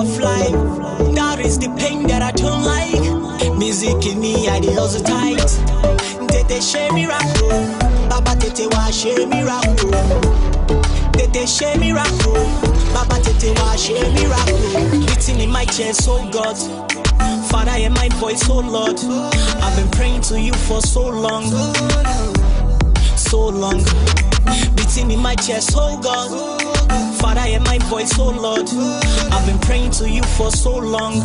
of life. That is the pain that I don't like. Music in me, I did also tight. Tete share me rap, Baba tete wa share me rap. Tete share me rap, Baba tete wa share me rap. Beating in my chest, oh God. Father, hear my voice, oh Lord. I've been praying to you for so long. So long. Beating in my chest, oh God. Father, hear my voice, oh Lord. I've been praying to you for so long.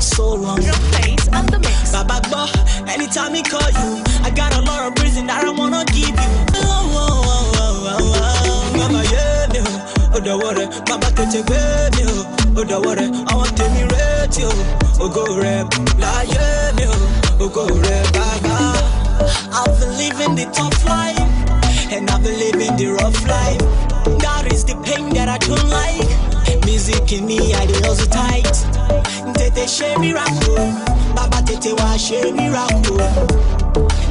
So long. on the mix. Baba Bo, anytime he call you, I got a lot of reason that I wanna give you. Oh, oh, oh, oh, oh, Baba yeah, me, oh, the water. Baba, could you me, oh, the water. I want to be ready, oh, go rap. La, yeah, me, oh, go rap, Baba. I've been living the tough life, and I've been living the rough life. That is the pain that I don't like. Music in me, I dey hustle tight. Tete she mí Baba tete wa she wá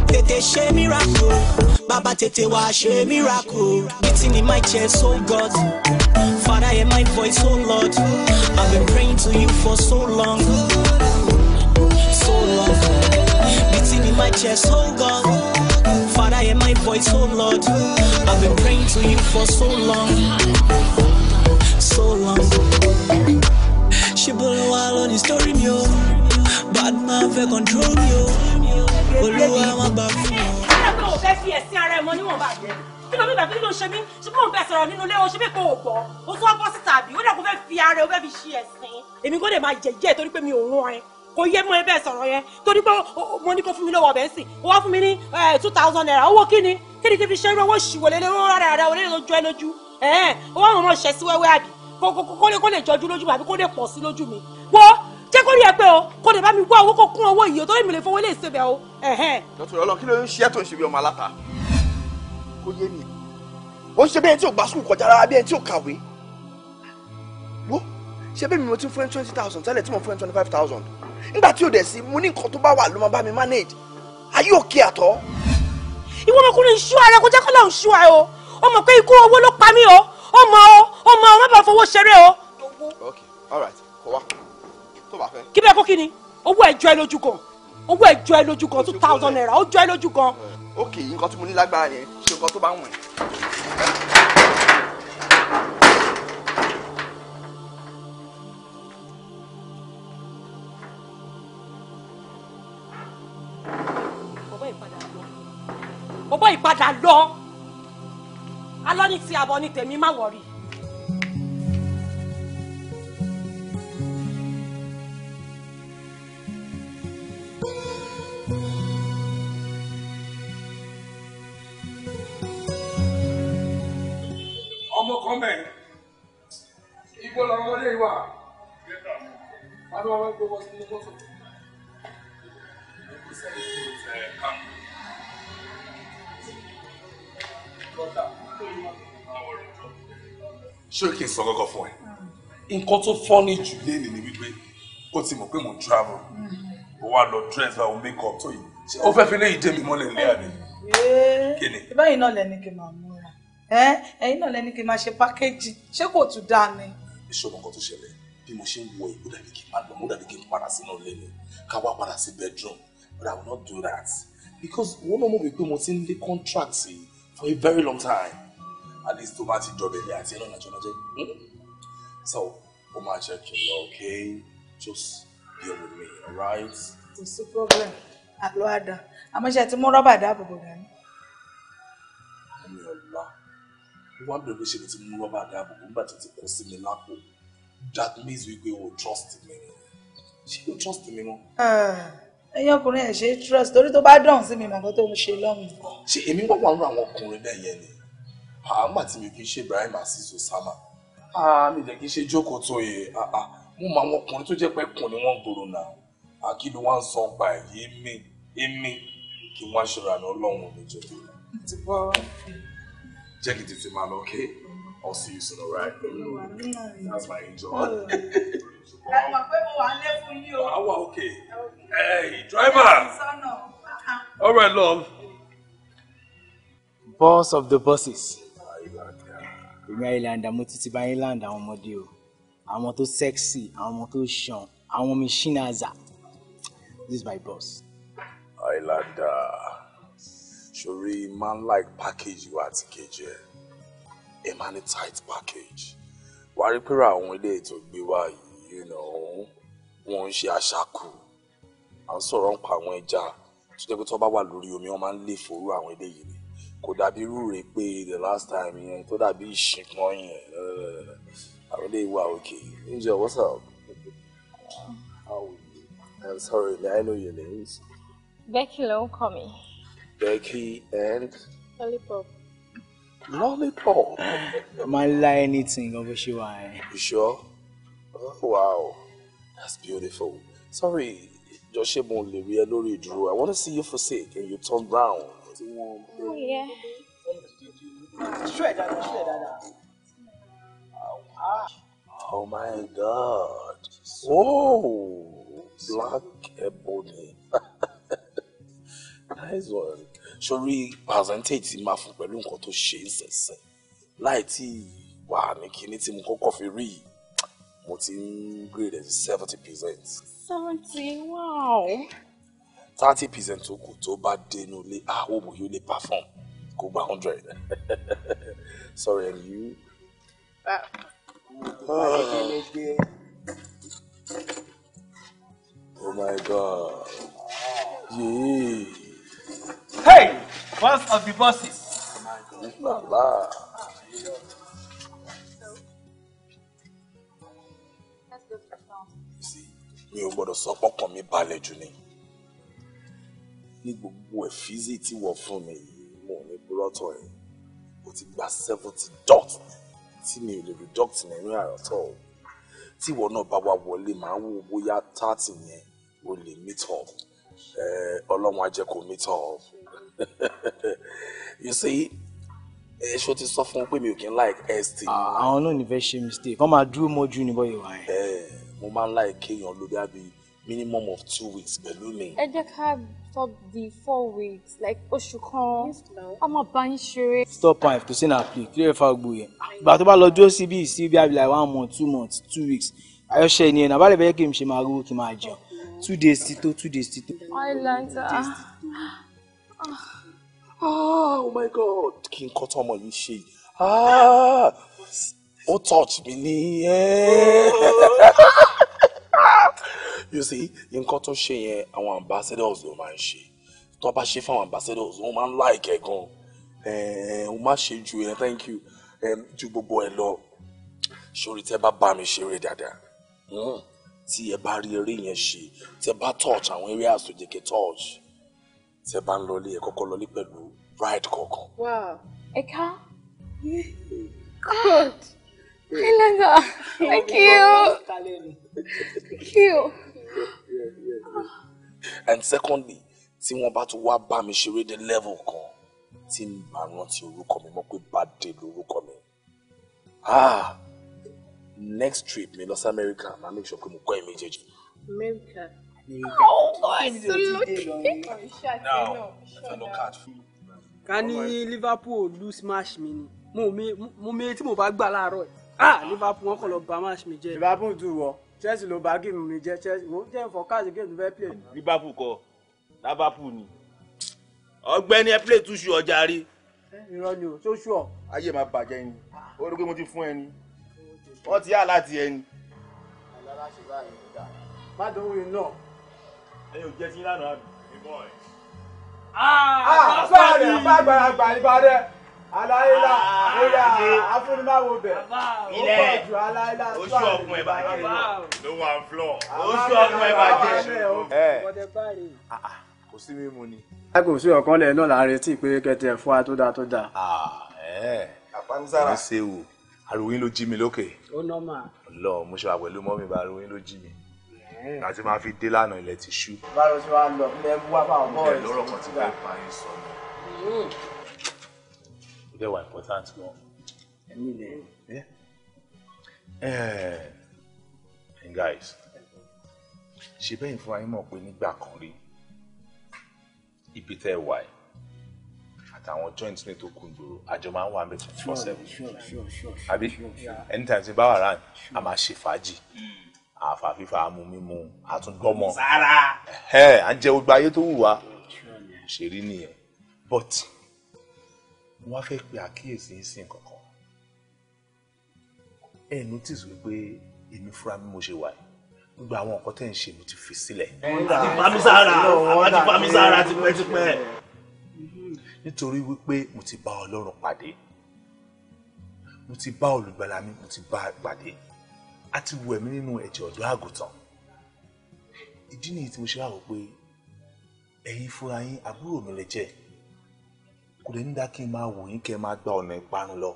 Tete she rà Baba tete wa she rà o, Beating in my chest, oh God. Father, hear my voice, oh Lord. I've been praying to you for so long. So long. Beating in my chest, oh God voice, oh Lord. I've been praying to you for so long, so long. She Ṣebọ́lọ́wà ló ní story mi bad man fẹ́ control mi o, olúwa má gbà fún mi. Kí ló bí bàbá ló ṣe mí? Ṣé mò ń bẹ̀ sọ̀rọ̀ nínú ilé o? Ṣé bẹ́ẹ̀ kò ò gbọ́? O tún wá bọ́ síta àbí? Ó dẹ̀ kó fẹ́ fi ara o fẹ́ fi ṣe ẹ̀sìn. Èmi kò dẹ̀ máa jẹ̀jẹ̀ torí pé mi ò rán ẹ kò yẹ mọ ẹbẹ sọ̀rọ̀ yẹn torí pé mo ní kó fún mi lọ́wọ́ ọbẹ sìn ó wá fún mi ní two thousand naira owó kíni kíni kí n fi ṣe owó ṣìwòlé lówó rárá rárá olè lójú ẹ lójú ó wá àwọn ọmọ ṣẹ sí wẹ́wẹ́ àbí kó lè kó lè jọjú lójú mi àbí kó lè pọ̀ sí lójú mi wọ jẹ́ kó rí ẹ pé o kó lè bá mi wá owó kó kún owó yìí o torí mi lè fowó lè ṣe bẹ o. dọ́tò ọlọ́run kí ló ń ṣe ẹ́ tó ń ṣe bí ọmọ aláta kó yé mi ó ń ṣe bẹ́ẹ̀ tí ò gbà sùn kọjá rárá bẹ́ẹ̀ tí ò kàwé wo ṣe bẹ́ẹ̀ mi mo ti fún ẹ twenty thousand tẹ́lẹ̀ tí mo fún ẹ twenty five thousand nígbà tí o dẹ̀ sí mo ní nǹkan tó bá wà ló máa bá mi manage are you okay at all. ìwọ ọmọkùnrin ṣú ara kó jẹ́ kọ́lá ò ṣú ara o ó mọ̀ pé ikú owó ló pa mí o ó mọ o ó mọ o má bàa fowó ṣeré o. ok all right kò wá tó bá fẹ́. kí bẹ́ẹ̀ kó kí ni owó ẹ̀jọ́ ẹ lójú kan owó ẹ̀jọ́ ẹ lójú kan two thousand naira ó jọ ẹ lójú kan. ok nǹkan tí mo ní lágbára yẹn ṣe nǹkan tó bá wọ̀nyí. ìpadà lọ alọ́ ní ti àbọ̀ ní tèmi má wọ̀rí. ọmọ kan bẹ́ẹ̀ igbó lọ́wọ́ wọlé wa adúlọ́wọ́ gbogbo sínú kótó. Thank ṣé kí n sọ kọ́kọ́ fún ẹ mm. nǹkan tó fọ́nì jù léèlì ni wípé ó ti mọ̀ pé mo travel ó mm-hmm. wá lọ dress bá make up tó yìí ṣé ó fẹ́ fi léyìí dé mi mọ́lẹ̀ nílé àbí. Eh. kí ni. báyìí náà lẹni kí n máa múra eh? ẹ̀yin náà lẹni kí n máa ṣe pákéjì ṣé kò tún dáa ni. ìṣòro nǹkan tó ṣẹlẹ̀ bí mo ṣe ń wọ ìlú dàbí kí n máa lọ mo dàbí kí n padà sínú ilé mi ká wá padà sí bedroom but I will not do that because wọ́n náà mọ̀ wípé mo ti ń lé contract yìí for a very long time at least tó bá ti dọ̀bẹ̀ ilé àti ẹlọ́nà jọ́nọ́jẹ́ hmm? so ó máa ṣe kí n lọ okay just deal with me alright. kò sí problem àlọ́ àdán àmọ́ ṣe ti mú rọ́bà dáàbò bò dání. mi ò lọ wọn bẹ̀rẹ̀ pé ṣe ni ti mú rọ́bà dáàbò bò nígbà tó ti kó sí mi lápò that means wípé o trust me ṣé o trust me mọ́. Ah ẹ̀yin ọkùnrin ẹ ṣe trust torí tó bá dọ̀hún sí mi mọ̀ nǹkan tó ń ṣe lọ́hùn. ṣé èmi wọ́n wà ń rọ àwọn ọkùnrin bẹ́ẹ̀ yẹn ni àmà tí mi kì í ṣe Ibrahim asis Osama àmì ìdẹ̀ kì í ṣe jókòó tó yẹ mo mọ àwọn ọkùnrin tó jẹ́ pé kùn ni wọ́n gbòòrò náà àkìlú wa ń san pa èyí èmi èmi kí wọ́n aṣọ ìrànà ọlọ́run mi jẹ́ jẹ́ kí tètè máa lọ kéé. I'll see you soon, all right? That's my angel. I oh. mọ̀ okay. Hey, driver. All right, love. Boss of the bosses. Ìgbà ìlànà mo ti ti bá yín láǹdà àwọn ọmọdé o. Àwọn tó sexy, àwọn tó ṣan, àwọn machinaza. This is my boss. Islander, ṣòrí man like package you àti kejì ẹ̀ ẹ máa package wàá rí pé àwọn ilé ètò gbé wá yìí wọ́n ń ṣe àṣàkù à ń sọ̀rọ̀ ń pa àwọn ẹja tó jẹ́ pé tó bá wà lórí omi wọ́n máa ń lè fòrú àwọn eléyìí ni kò dàbí irú rẹ̀ pé the last time yẹn tó dàbí ìṣìnkan yẹn àwọn eléyìí wà òkè angel what's up how are you i'm sorry i know your name. Becky ló ń kọ mi. Becky and. Lollipop lollipop. o máa ń la anything gan bó you sure? Oh, wow that's beautiful sorry jọ ṣé mo lè rí ẹ lórí ìdúró i wanna see you forsake and you turn brown. Oh, yeah. Shred, shred, Oh my God. Oh, Black ebony. nice one sórí percentage ti máa fún pẹ̀lú nǹkan tó ṣe é sẹ̀sẹ̀ láì tí wà ní kinní tí mo kọ́kọ́ fi rí yìí mo ti ń grade ẹ̀ seventy percent. seventy wow. thirty percent tó kù tó bá dé inú ilé àwọn ọmọ yóò lè perform kó gba hundred sorry and you. Ah. oh my god. Yeah. Hey, boss of the bosses. Lala. mi ò gbọ́dọ̀ sọ pọ́kàn mi balẹ̀ jù ni ní gbogbo ẹ̀ fíìsì tí wọ́n fún mi yìí mo ní búrọ́tọ̀ ẹ̀ ó ti gba seventy dot tí mi ò lè reduct nínú àròtọ̀ o tí ìwọ náà bá wa wọlé màá wò bóyá thirty yẹn o lè meet up ọlọ́run á jẹ́ kó meet up. you see èso ti sọ fún wọn pé mi ò kí ń like st. Ah, àwọn náà ní fẹ́ ṣe mistake wọ́n máa dúró mọ́jú ní bọ́yìí wá yẹn. ẹ mo máa ń like kéèyàn lórí àbí minimum of two weeks pẹ̀lú mi. ẹ jẹ́ ká stop the four weeks like oṣù kan a máa bá yín ṣeré. stop am if to say na play clear ló fà gbó yẹn ìgbà tó bá lọ dúró síbi ìsíbi àbí like one month two months two weeks ayọ̀ṣẹ́ ni ẹ̀nà abálẹ̀ bẹ́ẹ̀ kí n ṣe máa rówó kí n máa jẹun two days ti tó two days ti tó. island ah. that. Ah, ah, oh my god kí n kọ́ tó ọmọ yìí ṣe yìí ah, ó touch mi ní eh. you see nǹkan tó ṣe yẹn àwọn ambassadors ló máa ń ṣe tó bá ṣe fáwọn ambassadors wọ́n máa ń like ẹ̀ gan wọ́n eh, máa ṣe ju ẹ̀ thank you ju gbogbo ẹ̀ lọ sórí tẹ́ bá bá mi ṣeré dáadáa hmm, tí ẹ bá rí eré yẹn ṣe tẹ́ bá touch àwọn areas tó jẹ́ kí touch tí ẹ bá ń lọlé ẹ kọ́kọ́ lọlé pẹ̀lú bride kọ̀ọ̀kan. wow ẹ̀ka god ẹlẹ́gà thank you thank you. and secondly tí wọ́n bá tún wá bá mi ṣeré dé level kan tí n bá rántí orúkọ mi mọ̀ pé bàdé lórúkọ mi ah next trip mi lọ sí america máa make sure pé mo kọ́ ẹ̀ méjèèjì. america Oh, ká ní Liverpool lose match mi ni mo mi tí mo bá gbà láàárọ̀ yìí ah, ah. Liverpool wọn kàn lọ bà match mi jẹ́. Liverpool dùn wọ Chelsea ló bá géèmù mi jẹ́ Chelsea mo jẹ́ ìfọkàsí géèmù fẹ́ play. Liverpool kọ́ Liverpool ni ọ̀gbẹ́ni ẹ play túṣu ọjà rí. irọ́ ni o tó ṣù ọ. ayé máa bàjẹ́ ni ó rí pé mo ti fún ẹni wọ́n ti yá láti ẹni. alára ṣe báyìí nígbà má ẹ̀yin ò jẹ́ sí lánàá mi. àbá rẹ̀ àbá àgbàlagbà ìbàdàn aláìlá ah, oyè ah, ah. afúnimáwo bẹ̀ ilẹ̀ oṣù ọkùn ẹ̀ bàjẹ́ ló wà ń flọ̀ oṣù ọkùn ẹ̀ bàjẹ́. Eh. Eh. kò sí mímu ni. láìpẹ́ òṣù ọ̀kan lẹ̀ náà là ń retí pé kẹtẹ ẹ̀fọ́ wa tó dáa tó dáa. Eh. àpánsára ṣe wò àròyìn ló jí mi lókè. ó nọ́mà. lọ mo ṣe wà pẹ̀lú mọ́mí bá àròyìn ló jí mi àti máa fi dé lánàá ilẹ̀ ti ṣú. báwo ṣe wàá lọ ilẹ̀ wá fáwọn bọ́ọ̀lù sí lọ́rọ̀ kan ti fẹ́ bá yín sọ ni. Hmm. ó dẹ̀ important gan. ẹ̀mí ilẹ̀. and guys ṣe bẹ́ẹ̀ fún ayé mọ̀ pé nígbà kan rí ibi tẹ́ ẹ wà yìí àtàwọn joint ní tó kún gbòòrò àjọ máa ń wà mẹ́tò four seven àbí anytime tí bá wà rán a máa ṣe fàájì. Hmm àfà fífa amú mímú àtúndọ́mọ sára ẹ à ń jẹ gbogbo ayé tó wù wá ṣèrí nìyẹn but wọ́n fẹ́ pe àkíyèsí ìsìn kankan ẹ notice wípé èmi fúra mi mo ṣe wà yìí gbogbo àwọn nǹkan tẹ́ ń ṣe mo ti fi sílẹ̀. àti pamisára àti pamisára tipẹ́tipẹ́. nítorí wípé mo ti bá ọlọ́run pàdé mo ti bá olùgbàlà mi mo ti bá pàdé a ti wẹ̀ mí nínú ẹ̀jẹ̀ ọ̀dọ́ àgùntàn ìdí nìyí tí mo ṣe wá rò pé ẹ̀yin fúnra yín àbúrò mi lè jẹ́ kò lè ní dá kí n máa wò yín kẹ́ ẹ máa gba ọ̀nà ìparun lọ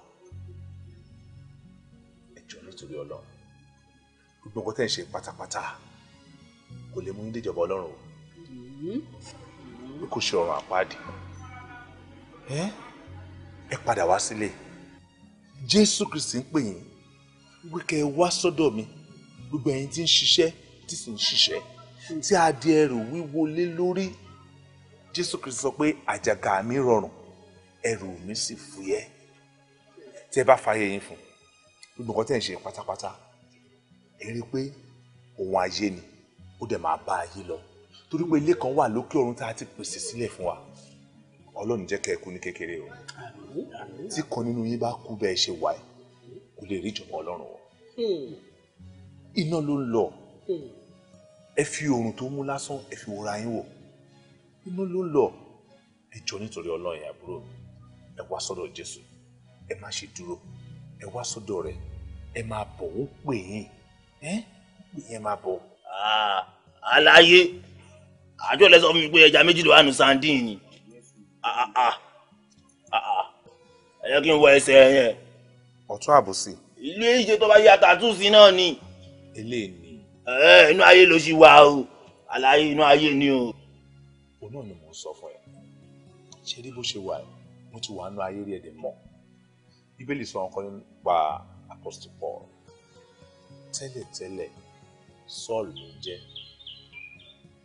ẹ̀jọ̀ nítorí ọlọ́run gbogbo nǹkan tẹ̀ ń ṣe pátápátá kò lè mú yín déjọba ọlọ́run o pé kò ṣe ọ̀run àpáàdì ẹ padà wá sílé Jésù Kristi ń pè yín wí kẹ́ ẹ wá sọ́dọ̀ mi gbogbo ẹ̀yin tí ń ṣiṣẹ́ tí sì ń ṣiṣẹ́ tí a di ẹrù wíwo lé lórí Jésù Kristi sọ pé àjàgà mi rọrùn ẹrù mi sì fúyẹ́ tí ẹ bá fààyè yín fún gbogbo nǹkan tẹ̀ ń ṣe pátápátá ẹ rí i pé òun ayé ni ó dẹ̀ máa bá ayé lọ torí pé ilé kan wà lókè ọ̀run tá a ti pèsè sílẹ̀ fún wa Ọlọ́run jẹ́ kẹ́ ẹ kú ní kékeré o tí kan nínú yín bá kú bẹ́ẹ̀ ṣe wà kò lè rí ìjọba ọlọ́run wọn hmm. iná ló ń lọ hmm. ẹ fi oòrùn tó mú lásán ẹ fi wòra yín wò iná ló ń lọ ẹ jọ nítorí ọlọ́run àbúrò mi ẹ wá sọ́dọ̀ jésù ẹ má ṣe dúró ẹ wá sọ́dọ̀ rẹ̀ ẹ máa bọ̀ ó pè yín ẹ pè yín máa bọ̀. Ah, aláyé àjọ lẹsọ mi pé ẹja méjì ló wà nù sandin ni ẹ jẹ́ kí n wọ ẹsẹ̀ yẹn ọ̀tún àbòsí. ilé ìṣe tó bá yàtọ̀ àtúnṣe náà ni. ilé ni. ẹ inú ayé ló ṣì wà o àlàyé inú ayé ni o. òun náà ni mò ń sọ fún ẹ ṣe rí bó ṣe wà mo ti wà nínú ayé rí ẹdẹ mọ bíbélì sọ ọkọ nípa apostle Paul tẹ́lẹ̀tẹ́lẹ̀ Sọ́ọ̀lù ló jẹ́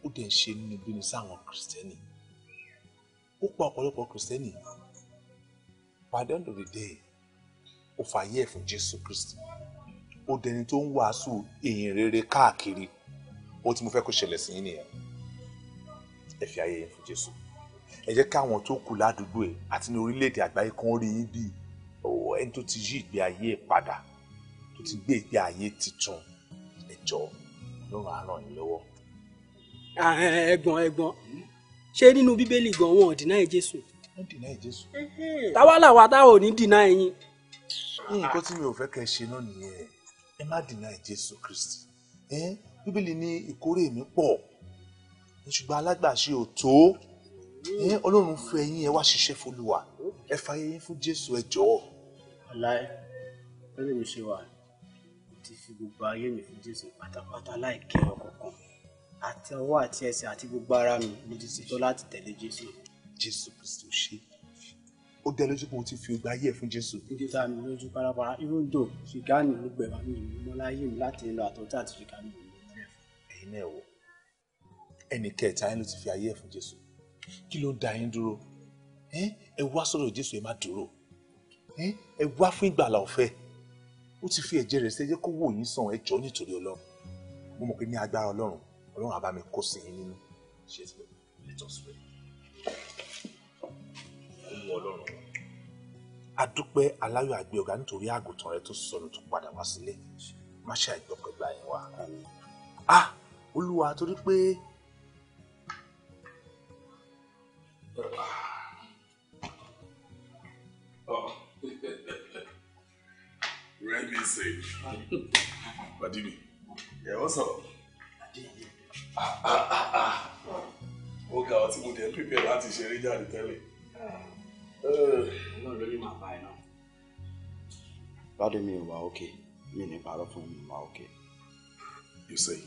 ó dẹ̀ ń ṣe nínú bínú sáwọn kìrìsìtẹ́nì ó pa ọ̀pọ̀lọpọ̀ kìrìsìtẹ́nì by the end of the day ó fàyè ẹ̀ fún jésù kristi ó dẹni tó ń wàásù ìyìn rere káàkiri ó tí mo fẹ́ kó ṣẹlẹ̀ sí yín nìyẹn ẹ fi ayé yẹn fún jésù ẹ jẹ́ káwọn tó kù ládùúgbò ẹ̀ àti ní orílẹ̀-èdè àgbáyé kan rí yín bíi ọ̀wọ́ ẹni tó ti yí ìgbé ayé ẹ̀ padà tó ti gbé ìgbé ayé titun ẹ jọ̀ọ́ lọ́rùn á ràn yín lọ́wọ́. ẹ̀gbọ́n ṣé nínú bíbélì gan wọn ò dìnáì jésù. wọn dìnáì jésù. táwa làwa táwa ò ní dìnáì yín nǹkan tí mi ò fẹ́ kẹ́ ṣe náà nìyẹn ẹ má dìnnà jésù kristi bíbélì ní ìkórè mi pọ̀ ṣùgbọ́n alágbàṣe ò tó ọlọ́run fún ẹ̀yin ẹ wá ṣiṣẹ́ fọlùwà ẹ fààyè yín fún jésù ẹ jọ̀ọ́. aláì lẹ́nu mi ṣe wà ti fi gbogbo ayé mi fún jésù pátápátá láì kí ọ kankan àti ọwọ́ àti ẹsẹ̀ àti gbogbo ara mi mo ti ṣetán láti tẹ̀lé jésù. jésù kristu ṣe é ó dẹ lójú pé o ti fi ògbà ayé ẹ fún jésù. ìdí tá a mi lójú parapara irú dò ṣìgáàní ló gbẹ̀bà mi ìlú mọ́láyé mi láti lọ àtọ́jú àti ṣìgáàní mi. ẹ̀yin náà wò ẹnì kẹta ẹ ló ti fi ayé ẹ fún jésù kí ló ń da yín dúró ẹ wá sọ̀rọ̀ jésù ẹ má dúró ẹ wá fún ìgbàlà ọ̀fẹ́ ó ti fi ẹ̀jẹ̀ rẹ̀ ṣe jẹ́ kó wò yín sàn ẹ jọ̀ọ́ nítorí ọlọ́run mo mọ̀ pé ní agbára ọlọ́run ọlọ́run á bá mi kó sí yín nínú ṣé ẹ ti bẹ̀rẹ̀ let us pray ìwọ ọlọ́run adúpẹ́ aláyọ̀ àgbẹ̀ ọ̀gá nítorí àgùntàn rẹ tó sọnù tó padà wá sílé má ṣe àìgbọ́kàngbà yẹn wá. a olúwa torí pé rẹ́mi ṣe pàdé mi ẹ̀ ọ́ sọ̀rọ̀ ó ga ọtí mo dẹ̀ pípẹ́ láti ṣeré jáde tẹ́lẹ̀. Bádé mi ò wá òkè, mi ní parọ́ fún mi wá òkè. Yusuf,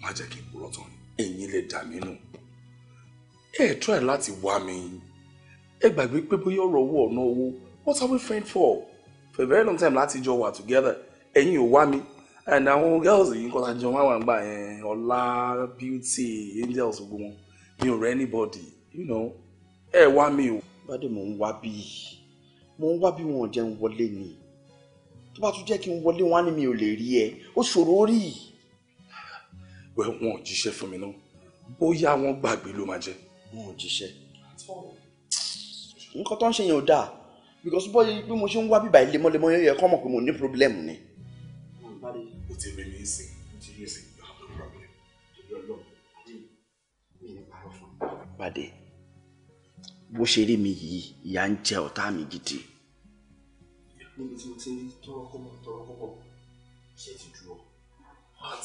má jẹ́ kí n purọ́ tán, ẹ̀yin lè dà mí nù. Ẹ try láti wá mi. Ẹ gbàgbé pé bóyá ọ̀rọ̀ owó ọ̀nà owó, what are we fighting for? For a very long time láti jọ wà together, ẹ̀yin ò wá mi and àwọn girls yìí nǹkan àjọ wọn wà gbà yẹn ọlá beauty angels gbogbo wọn mi ò rẹ anybody you know ẹ wá mi o bàdé mò ń wá bí mò ń wá bí wọn ò jẹ́ ń wọlé ni tó bá tún jẹ́ kí n wọlé wọn á ní mi ò lè rí ẹ ó ṣòro rí. wẹ́ wọn ò jíṣẹ́ fún mi náà bóyá wọn gbàgbé ló máa jẹ́. wọn ò jíṣẹ́ nǹkan tó ń ṣe yẹn ò dáa because bọ́ọ̀ yìí pé mo ṣe ń wá bíbá ilé mọ́lẹ́mọ́ yẹn yẹ kọ́ mọ̀ pé mo ní problem ni. o ti rí mi sìn jí mi sìn yóò have problem. Bàdé bó ṣe rí mi yìí ìyá ń jẹ ọ̀tá mi gidi. níbi tí mo ti ń tọrọ kọ́kọ́ tọrọ kọ́kọ́ ṣe ti dúró but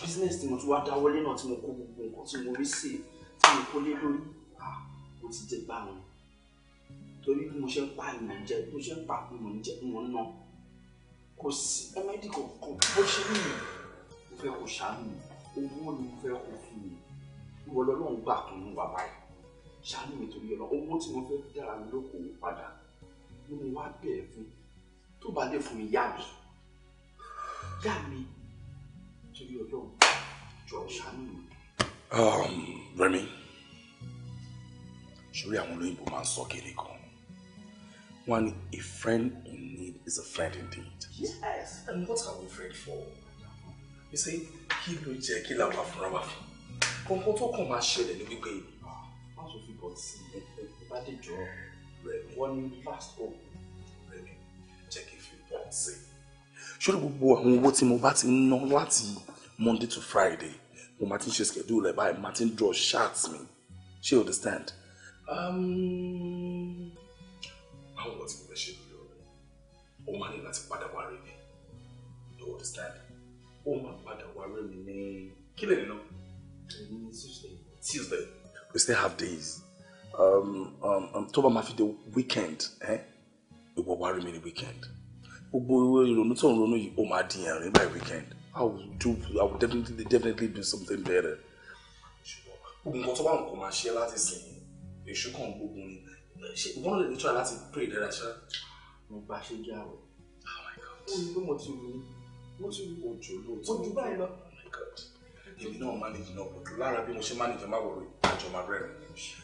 business tí mo tún wá dáwọ́lé náà tí mo kó gbogbo nǹkan tí mo rí sí tí mo kó lé lórí mo ti jẹ gbà wọn torí bí mo ṣe ń pa ìmọ̀ jẹ bí mo ṣe ń pa ìmọ̀ jẹ ìmọ̀ ń ná kò sí ẹmẹ́dì kankan bó ṣe ń yìn mo fẹ́ kó ṣàánú owó ni mo fẹ́ kó fún mi ìwọ lọ́lọ́run gbà kan ní wàá báyìí ṣáánú mi torí ọ̀nà owó tí mo fẹ́ dára mi lókòwò padà ni mo wá bẹ̀ fún tó bá dé fún mi yá mi yá mi torí ọlọ́run jọ ṣáánú mi. Um, Rẹmi sórí àwọn olóyìnbó máa ń sọ kiri kan wọn a friend in need is a friend indeed. Yes, and what are we afraid for? You say kí ló jẹ́ kí làwọn afúnra wà fún? kọ̀ọ̀kan tó kàn máa ṣẹlẹ̀ ní gbígbé yìí but ẹ bá dé jọ wọ́n ní last hope. Rẹ̀mí jẹ́ kí n fi bọ́ọ̀ see. i. Ṣọ́rọ̀ gbogbo àwọn owó tí mo bá ti ń Monday to Friday mo máa ti ń ṣe schedule ẹ̀ báyìí máa ti draw charts mi ṣé understand? Um. How was it, ṣe lórí Oh, O that's bad láti padà You understand? Oh, máa bad wá rí mi ní kílẹ̀ Tuesday. Tuesday. We still have days. Um, um, um, tó bá máa fi dé weekend eh? ìwọ wá rí mi ní weekend gbogbo ìrònú tó ń ronú yìí ó máa di ẹ̀rín by weekend i will do i will definitely definitely do something better. gbogbo nǹkan tó bá nǹkan máa ṣe láti sìn èṣù kan gbógun ni ṣe wọ́n lè ní tí wọ́n láti pray dára ṣá. mo bá ṣe jẹ́ àwẹ̀. Oh ó ní pé mo ti rí mo ti rí òjò lóòótọ́. ojú báyìí lọ. Oh èmi náà manage náà lára bí mo ṣe manage máa wọ̀rọ̀ àjọ máa rẹ̀ mi.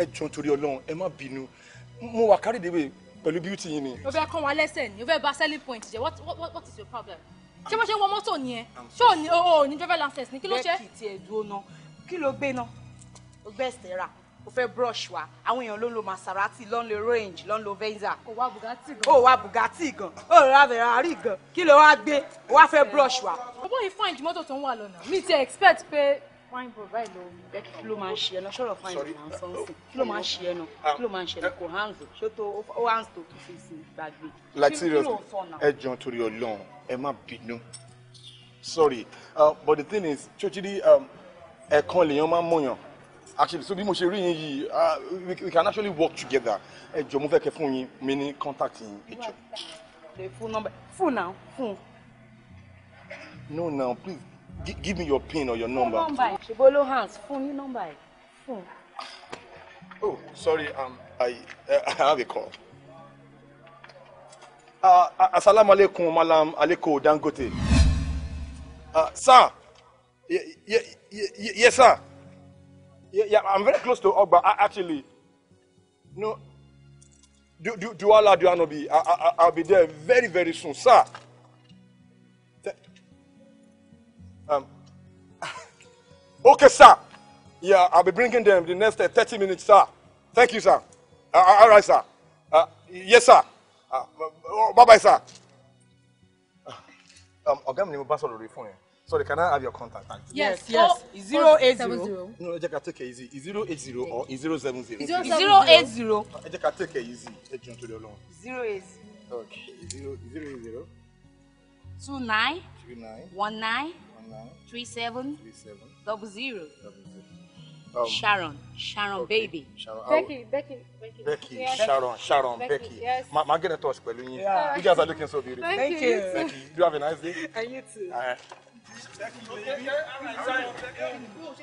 ẹ jọ̀ọ́ torí Ọlọ́run ẹ má bínú mo wà carried away pẹ̀lú beauty yín ni. o fẹ́ kọ́ wa lẹ́sẹ̀ ni o fẹ́ bà selling point jẹ́ what what what is your problem ṣé bó ṣe ń wọ mọ́tò nìyẹn ṣé ò ní o ò ní driver license ni kí ló ṣe. bẹ́ẹ̀ kì í tiẹ̀ dúró ná kí ló gbé ná o gbẹ́ ẹ̀sẹ̀ o fẹ́ brush wa àwọn èèyàn ló ń lo Maserati ló ń lo range ló ń lo venza. o wa Bugatti gan. o wa Bugatti gan o ra Ferrari gan kí ló wá gbé o wá fẹ́ brush wa. bó yìí fine ju mọ́tò tó ń wà lọ́nà mi ti expect pé fine bro báyìí ló ń bẹ kí ló máa ń ṣe ẹnu sọ̀rọ̀ fine bro máa ń sọ sí kí ló máa ń ṣe ẹnu ah. kí ló máa ń ṣe kò hands ṣó tó ó hands tó kí fèsì gbàgbé. like serious ẹ jọ̀ọ́ torí Ọlọ́run ẹ má bínú sorry uh, but the thing is chochidi um, ẹ̀kan lèèyàn máa ń mọ̀yàn actually so bí mo ṣe rí yín yìí uh, we can actually work together ẹ jọ mo fẹ́ kẹ́ fún yín mi ní contact yín the phone number phone now phone. no now please give me your pin or your number. phone number ṣùgbọ́n bolo hands Phone yín number phone. oh sorry um, I, uh, I have a call. Uh, asalaamu aleykum malam aleko dangote. Uh, sir Ye ye ye ye yes sir. Yeah, yeah, I'm very close to Ogba, actually. No, do, do, do Allah, do be? I, I, I'll be there very, very soon. Sir. Um, okay, sir. Yeah, I'll be bringing them the next uh, 30 minutes, sir. Thank you, sir. Uh, all right, sir. Uh, yes, sir. Uh, bye bye, sir. Um, ọ̀gá mi ni mo bá sọ̀rọ̀ lórí Sorry, can I have your contact? Thanks. Yes, yes. yes. Oh, zero eight zero. No, Ejeka, take it easy. Zero eight zero or zero seven zero. Zero eight zero. Ejeka, take it easy. Take you to the loan. Zero eight Okay. Zero zero eight zero. Two nine. Two nine. One nine. One nine. Three seven. Three seven. Double zero. Double zero. Um, um Sharon, Sharon okay. baby. Sharon, Becky, Becky, Becky. Becky, yes. Sharon, Sharon, Becky. Becky. Yes. Ma, ma get in touch pẹ̀lú yín. Yeah. You guys are looking so beautiful. Thank, Thank you. you. Becky, you have a nice day? And you too. Uh,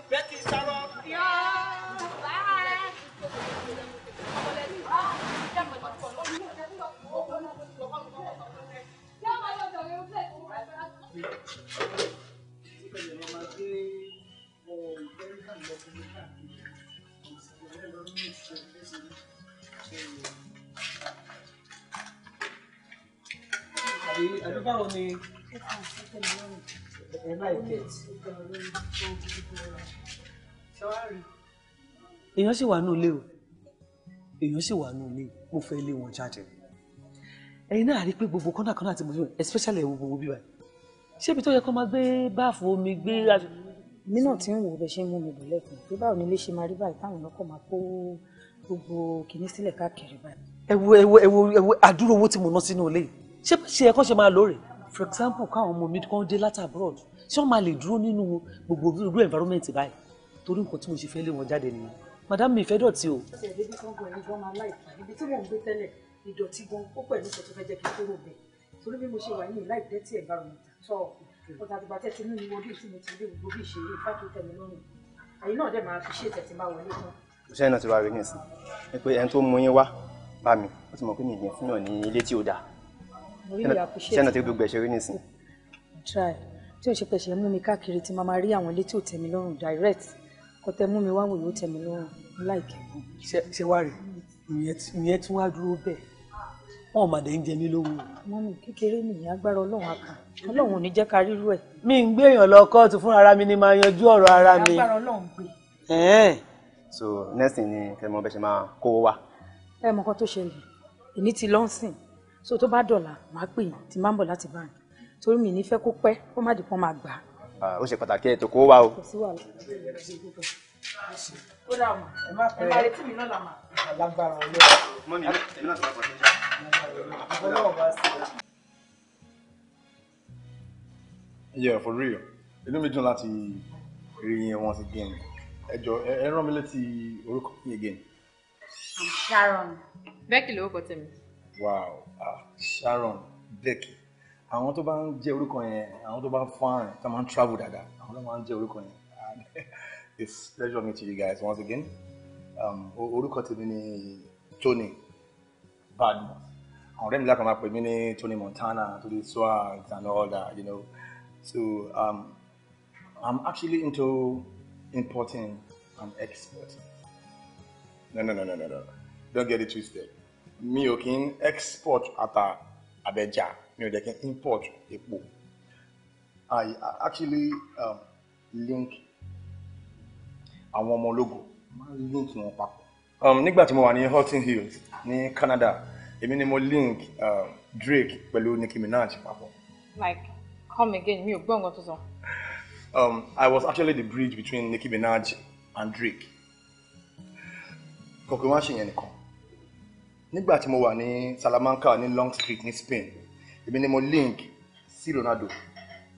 Becky Sarah. Yeah. Bye. Ó kàn sí pẹ̀lú èèyàn sì wà ní ilé o èèyàn sì wà ní ilé mo fẹ́ lé wọn jáde ẹ̀yin náà rí i pé gbogbo kọ́nà àti mọ̀jú especially ẹ̀wọ̀ gbogbo bíbá ṣé ibi tó yẹ kó máa gbé báàfù omi gbé aṣọ. mi náà ti ń wo bẹ ṣe ń mú mi bọ̀ lẹ́kùn pé báwo ni ilé ṣe máa rí báyìí táwọn ọlọ́kọ̀ máa kó gbogbo kìíní sílẹ̀ káàkiri báyìí. ẹ wo ẹ wo owó tí mo ná sínú ilé ṣé ẹ̀kọ́ ṣe máa lóore for example káwọn ọmọ mi kàn dé láti abroad ṣé wọn máa lè dúró nínú gbogbo irú environment báyìí torí nǹkan tí mo ṣe fẹ́ lé wọn jáde nìyẹn madam mi ìfẹ́ dọ̀tí o. ọ̀sẹ̀ ìbí kan gan ẹni gan máa láì ibi tí mò ń gbé tẹ́lẹ̀ ìdọ̀tí gan ó pẹ̀lú ìṣẹ́ tó fẹ́ jẹ́ kí n kúrò bẹ̀ torí bí mo ṣe wà nínú láì dẹ́tí environment tọ́ ọ̀tà àtìgbà tẹ́tí nínú wo bí tí mo ti rí gbogbo bí ìṣeré fáàkì tẹ̀mí lọ́rùn ẹ̀yin náà dẹ̀ máa fi ṣe ìtẹ̀tí máa wọlé tán. iṣẹ́ náà ti wá rí nísìnyí pé ẹni tó mú yín wá bá mi ó ti mọ̀ pé mi ìgbìn really appreciate ṣé ọ̀nà tí gbogbo ẹ̀ ṣe rí nísìn. try tí o ṣe pé ṣe mú mi káàkiri tí màmá rí àwọn létí ò tẹ̀mí lọ́rùn direct kò tẹ mú mi wá wòye ó tẹ̀mí lọ́rùn láìkẹ́. ṣé wàá rí ìyẹn tí wàá dúró bẹ́ẹ̀ wọn ò mà dé ń jẹ mí lówó. mọ́mí kékeré nìyẹn agbára ọlọ́run àkà ọlọ́run ò ní jẹ́ ká rírú ẹ̀. mi ń gbéyàn lọ kóòtù fún ara mi ni máa yanjú ọ̀rọ̀ ara mi. agbára ọlọ́run gbé. so nursing ni kẹmọ bẹ ṣe máa kó wa. ẹ mọ kan tó ṣẹlẹ̀ èmi ti lọ́nsìn so tó bá dọ̀là màá pè yín tí máa ń bọ̀ láti bá yín torí mi ní fẹ́ kó pẹ́ kó má dìpọ́n máa gbà. ó ṣe pàtàkì ètò kó wá o. kò yeah for real inú mi dùn láti rí yín once again ẹ jọ ẹ rán mi létí orúkọ yín again. I'm Sharon. bẹ́ẹ̀ kì lórúkọ tèmi wow ah, Sharon Becky àwọn tó bá ń jẹ́ orúkọ yẹn àwọn tó bá ń fọ́n tó máa ń travel dáadáa àwọn tó máa ń jẹ́ orúkọ yẹn it's pleasure meeting you guys once again um, orúkọ tèmi ni Tony Badmus àwọn ọ̀rẹ́ mi lákàá máa pè mí ní Tony Montana Tony Swags and all that you know so um, I'm actually into importing and exporting no no no no no no don't get it twisted mi ò kí ń export ata àbẹ̀jà mi ò dẹ̀ kí ń import epo I actually um, link àwọn ọmọ ológun máa link wọn papọ̀. Um, nígbà tí mo wà ní Hilton Hills ní Canada èmi ni mo link um, Drake pẹ̀lú Nicki Minaj papọ̀. like come again mi ò gbọ́ nǹkan tó Um, I was actually the bridge between Nicki Minaj and Drake. kòkè wá ṣèyẹn nìkan nígbà tí mo wà ní Salamanca ní Long Street ní Spain èmi ni mo link sí Ronaldo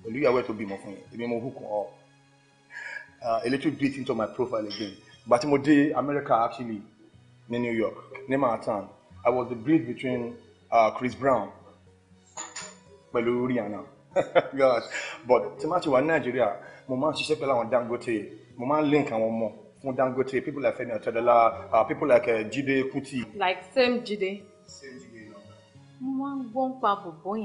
pẹ̀lú ìyàwó ẹ̀ tó bímọ fún mi èmi mo hook up a little bit into my profile again ìgbà tí mo dé America actually ní New York ní Manhattan I was the bridge between uh, Chris Brown pẹ̀lú Rihanna gosh but tí má ti wà ní Nàìjíríà mo máa ń ṣiṣẹ́ pẹ̀lú àwọn Dangote mo máa ń link àwọn ọmọ fún Dangote people like Femi Otedola uh, people like uh, Jide Kuti. like same Jide. same Jide náà. mo máa ń gbọ́n pa bòbó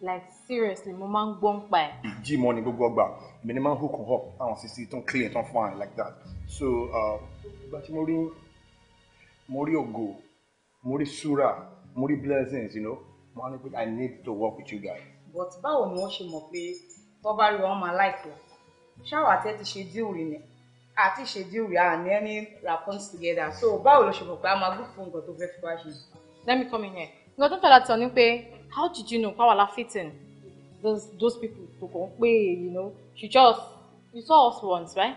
like seriously mo máa ń gbọ́n pa ẹ̀. ìjì mọ́ ni gbogbo ọgbà èmi ni máa ń hook up àwọn sisi tó clean tó ń fine like that so uh, ìgbà tí mo rí mo rí ògo sura mo blessings you know mo I need to work with you guys. but báwo ni wọ́n ṣe mọ̀ pé tọ́ bá rí wọn máa láìpẹ́ ṣáà wà á tẹ́ ti àti ìṣèdíwì àní ẹni rapons together so báwo ló ṣe mọ̀ pé a máa group nǹkan tó fẹ́ fi wá ṣe. let me come in here nǹkan tó fẹ́ra tán ni pé how did you know pawala fitting those those people tó kàn ń you know she just you saw us once right.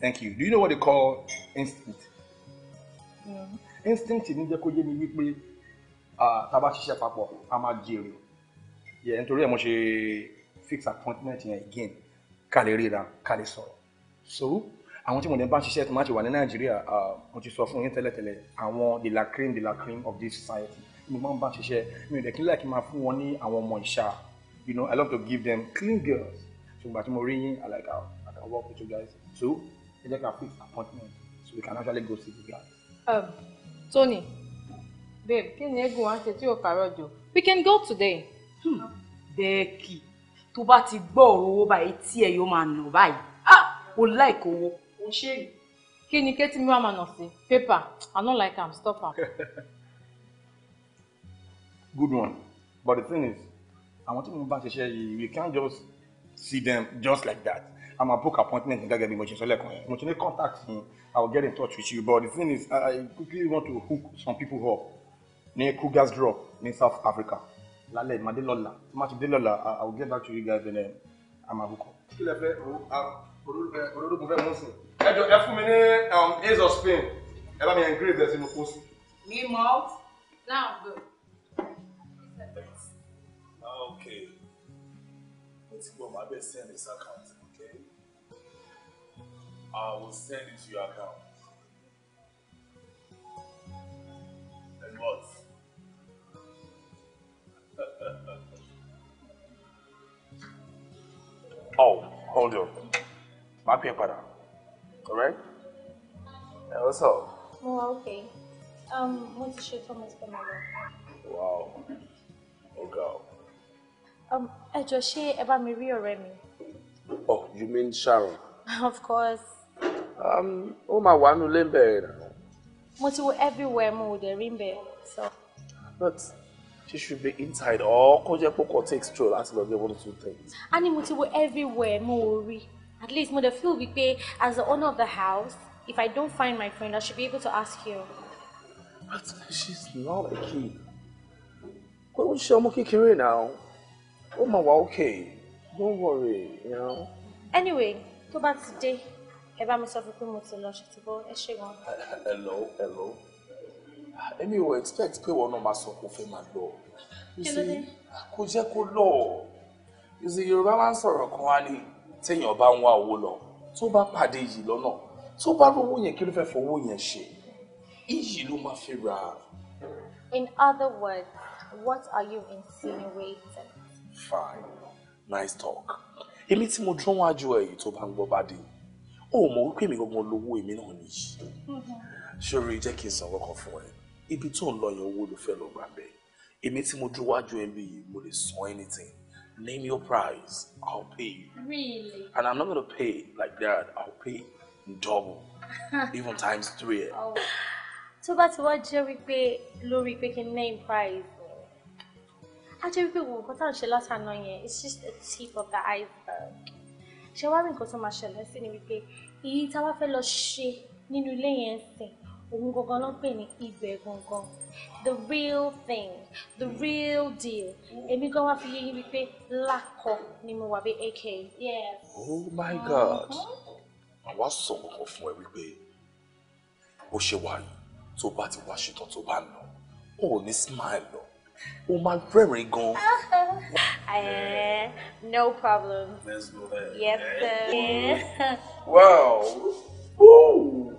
thank you do you know what they call instinct. Mm. instinct ní jẹ́ kó yé mi wípé tá a bá ṣiṣẹ́ papọ̀ a máa jèrè yẹ nítorí ẹ̀ mo ṣe fix appointment yẹn again ká lè ríra ká lè sọ̀rọ̀ so àwọn tí mo dẹ̀ bá ṣiṣẹ́ tí máa ti wà ní nàìjíríà mo ti sọ fún yín tẹ́lẹ̀tẹ́lẹ̀ àwọn de la cream the la cream of this society mo máa ń bá ṣiṣẹ́ mi ò dẹ̀ kí n láì kí n máa fún wọn ní àwọn ọmọ ìṣá you know i love to give them clean girls ṣùgbọ́n àti mo rí yín i like i can work with you guys so ẹ jẹ́ ká fix appointment so we can actually go see the guys. Um, Tony babe kí ni eégún wa ń ṣe tí ò kàrọ̀ jù we can go today. Hmm. Becky tó bá ti gbọ́ ọ̀rọ̀ owó báyìí tí ẹ yóò máa nà báyìí ah o láìkó mo ṣe kí ni kétí mi wá máa nà sí paper i no like am stop am. good one but the thing is àwọn tí mo bá ṣiṣẹ́ yìí we can't just see them just like that i'm a book appointment gẹ́gẹ́ bí mo ṣe sọ lẹ́ẹ̀kan yẹn mo ti ní contact me. i will get in touch with you but the thing is i quickly want to hook some people up ní Kruger's drop ní South Africa lálẹ́ ìmàdé Madelola. tí i will get back to you guys and then i'm a hook up. kí lè fẹ́ òrógùn fẹ́ mú sí ẹ jọ ẹ fún mi ní um, ace of spain ẹ bá mi engrave ẹ sínú pósí. mi mọ now go. Ah, okay o go. My best bẹ̀ send this account okay i will send it to your account. what? oh hold on My paper. é Alright? Yeah, what's up? Oh, okay. Um, mo ti ṣe Thomas Bonolo. Wow. Ó oh, ga Um, ẹ jọ̀ọ́ ṣé ẹ bá mi rí Oh, you mean Sharon? of course. Um, oh my one nínú ilé ń Mo ti everywhere mo ò dẹ̀ rí so. But she should be inside Oh, kó jẹ́ pé kò take stroll láti lọ gbé one two things. A ní mo ti everywhere mo ò At least Mudafil we pay as the owner of the house. If I don't find my friend, I should be able to ask you. But she's not a kid. Why would she have kick her now? Oh my wow, okay. Don't worry, you know. Anyway, tó back today. Have I myself a good fún pé mo ti lọ Hello, hello. Anyway, expect pé wọn náà máa my kó fẹ́ máa lọ. you ló dé? You jẹ́ kó lọ. Yorùbá máa ń sọ̀rọ̀ kan téèyàn bá ń wá owó lọ tó bá pàdé iyì lọ́nà tó bá rówó yẹn kí ló fẹ́ fowó yẹn ṣe iyì ló máa fi rà In other words, what are you insinuating? Fine, nice talk. Èmi tí mo dúró wájú ẹ̀yìn tó bá ń gbọ́ bá dé, ó mọ̀ wípé èmi gbọ́ngàn lówó èmi náà nìyí. Ṣòro jẹ́ kí n sàn kọ́kọ́ fún ẹ, ibi tó ń lọ yẹn owó ló fẹ́ lọ gbà bẹ́ẹ̀. Èmi tí mo dúró wájú ẹ̀ mo lè san anything. Name your price. I'll pay you. Really? And I'm not gonna pay like that. I'll pay double, even times three. Oh. so that's ti Jerry pay Lori. lórí name price Actually, jẹ́ wípé gbogbo nǹkan tá à it's just a tip of the iceberg She wá rí nǹkan tó máa ṣẹlẹ̀ sí ni wípé èyí tá a bá fẹ́ òun gangan ló ń pè ní ibẹ̀ gangan the real thing the real deal èmi gan wá fi yé wípé lákọ ni mo wà bí ak yes. oh my god àwa sọ kankan fún ẹ wípé bó ṣe wà yìí tó bá ti wá ṣetán tó bá ń lọ ó ní smile lọ ó máa rẹ́rìn gan. no problem. let's go there. yes sir. wow. Woo.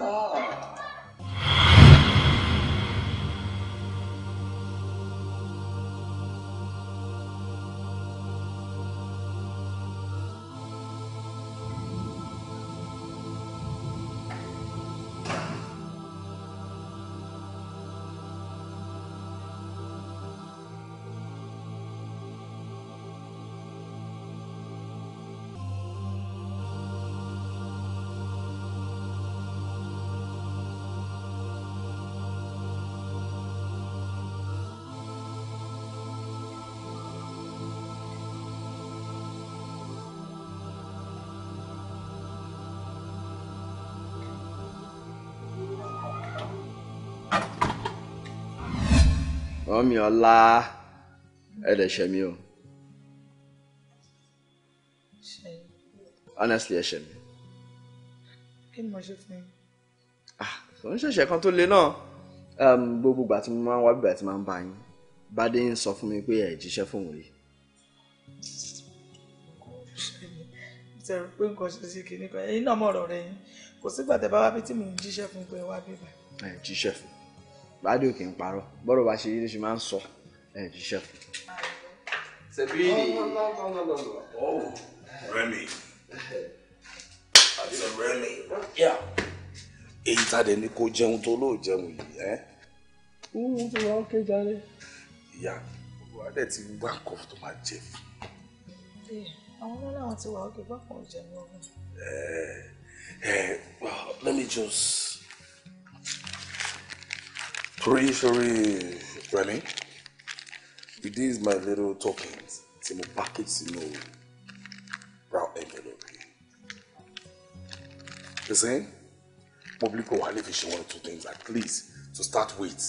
哦 mọ́mí ọlá ẹ̀dẹ̀ ṣẹ̀ mi o honestly ẹ ṣẹ̀ mi. kí ah kò ń ṣẹ̀ṣẹ̀ kan tó le náà gbogbo ìgbà tí mo máa ń wá bíbá tí máa ń bá yín bàdé ń sọ fún mi pé ẹ̀ jíṣẹ́ fóun rí. ìṣẹ̀rù pé nǹkan ṣe sí kìnìkan ẹ̀yin náà mọ̀ ọ̀rọ̀ rẹ̀ yín kò sígbà tẹ́ bá wá bí tí mò ń jíṣẹ́ fún pé wá bíbá. ẹ jíṣẹ́ fún rádìò kì í parọ́ bọ́rọ̀ bá ṣe yí ṣe máa ń sọ ẹ̀ jíṣẹ́. Sabini. Oh, Àti Remy. Èyí tá a dẹ̀ jẹun tó lóò jẹun yìí ẹ́. Mo ti wá ókè jáde. Ìyá olùwà dẹ̀ ti wá nǹkan tó máa jẹ eh, Àwọn ọmọ náà ti wá ókè bákan jẹun ọ̀hún. Eh, ẹ eh, Ẹ let me just torí sori Rẹ̀mí it is my little tokens It's tí mo package sínú brown envelope yìí the same public or if she one two things at least to start with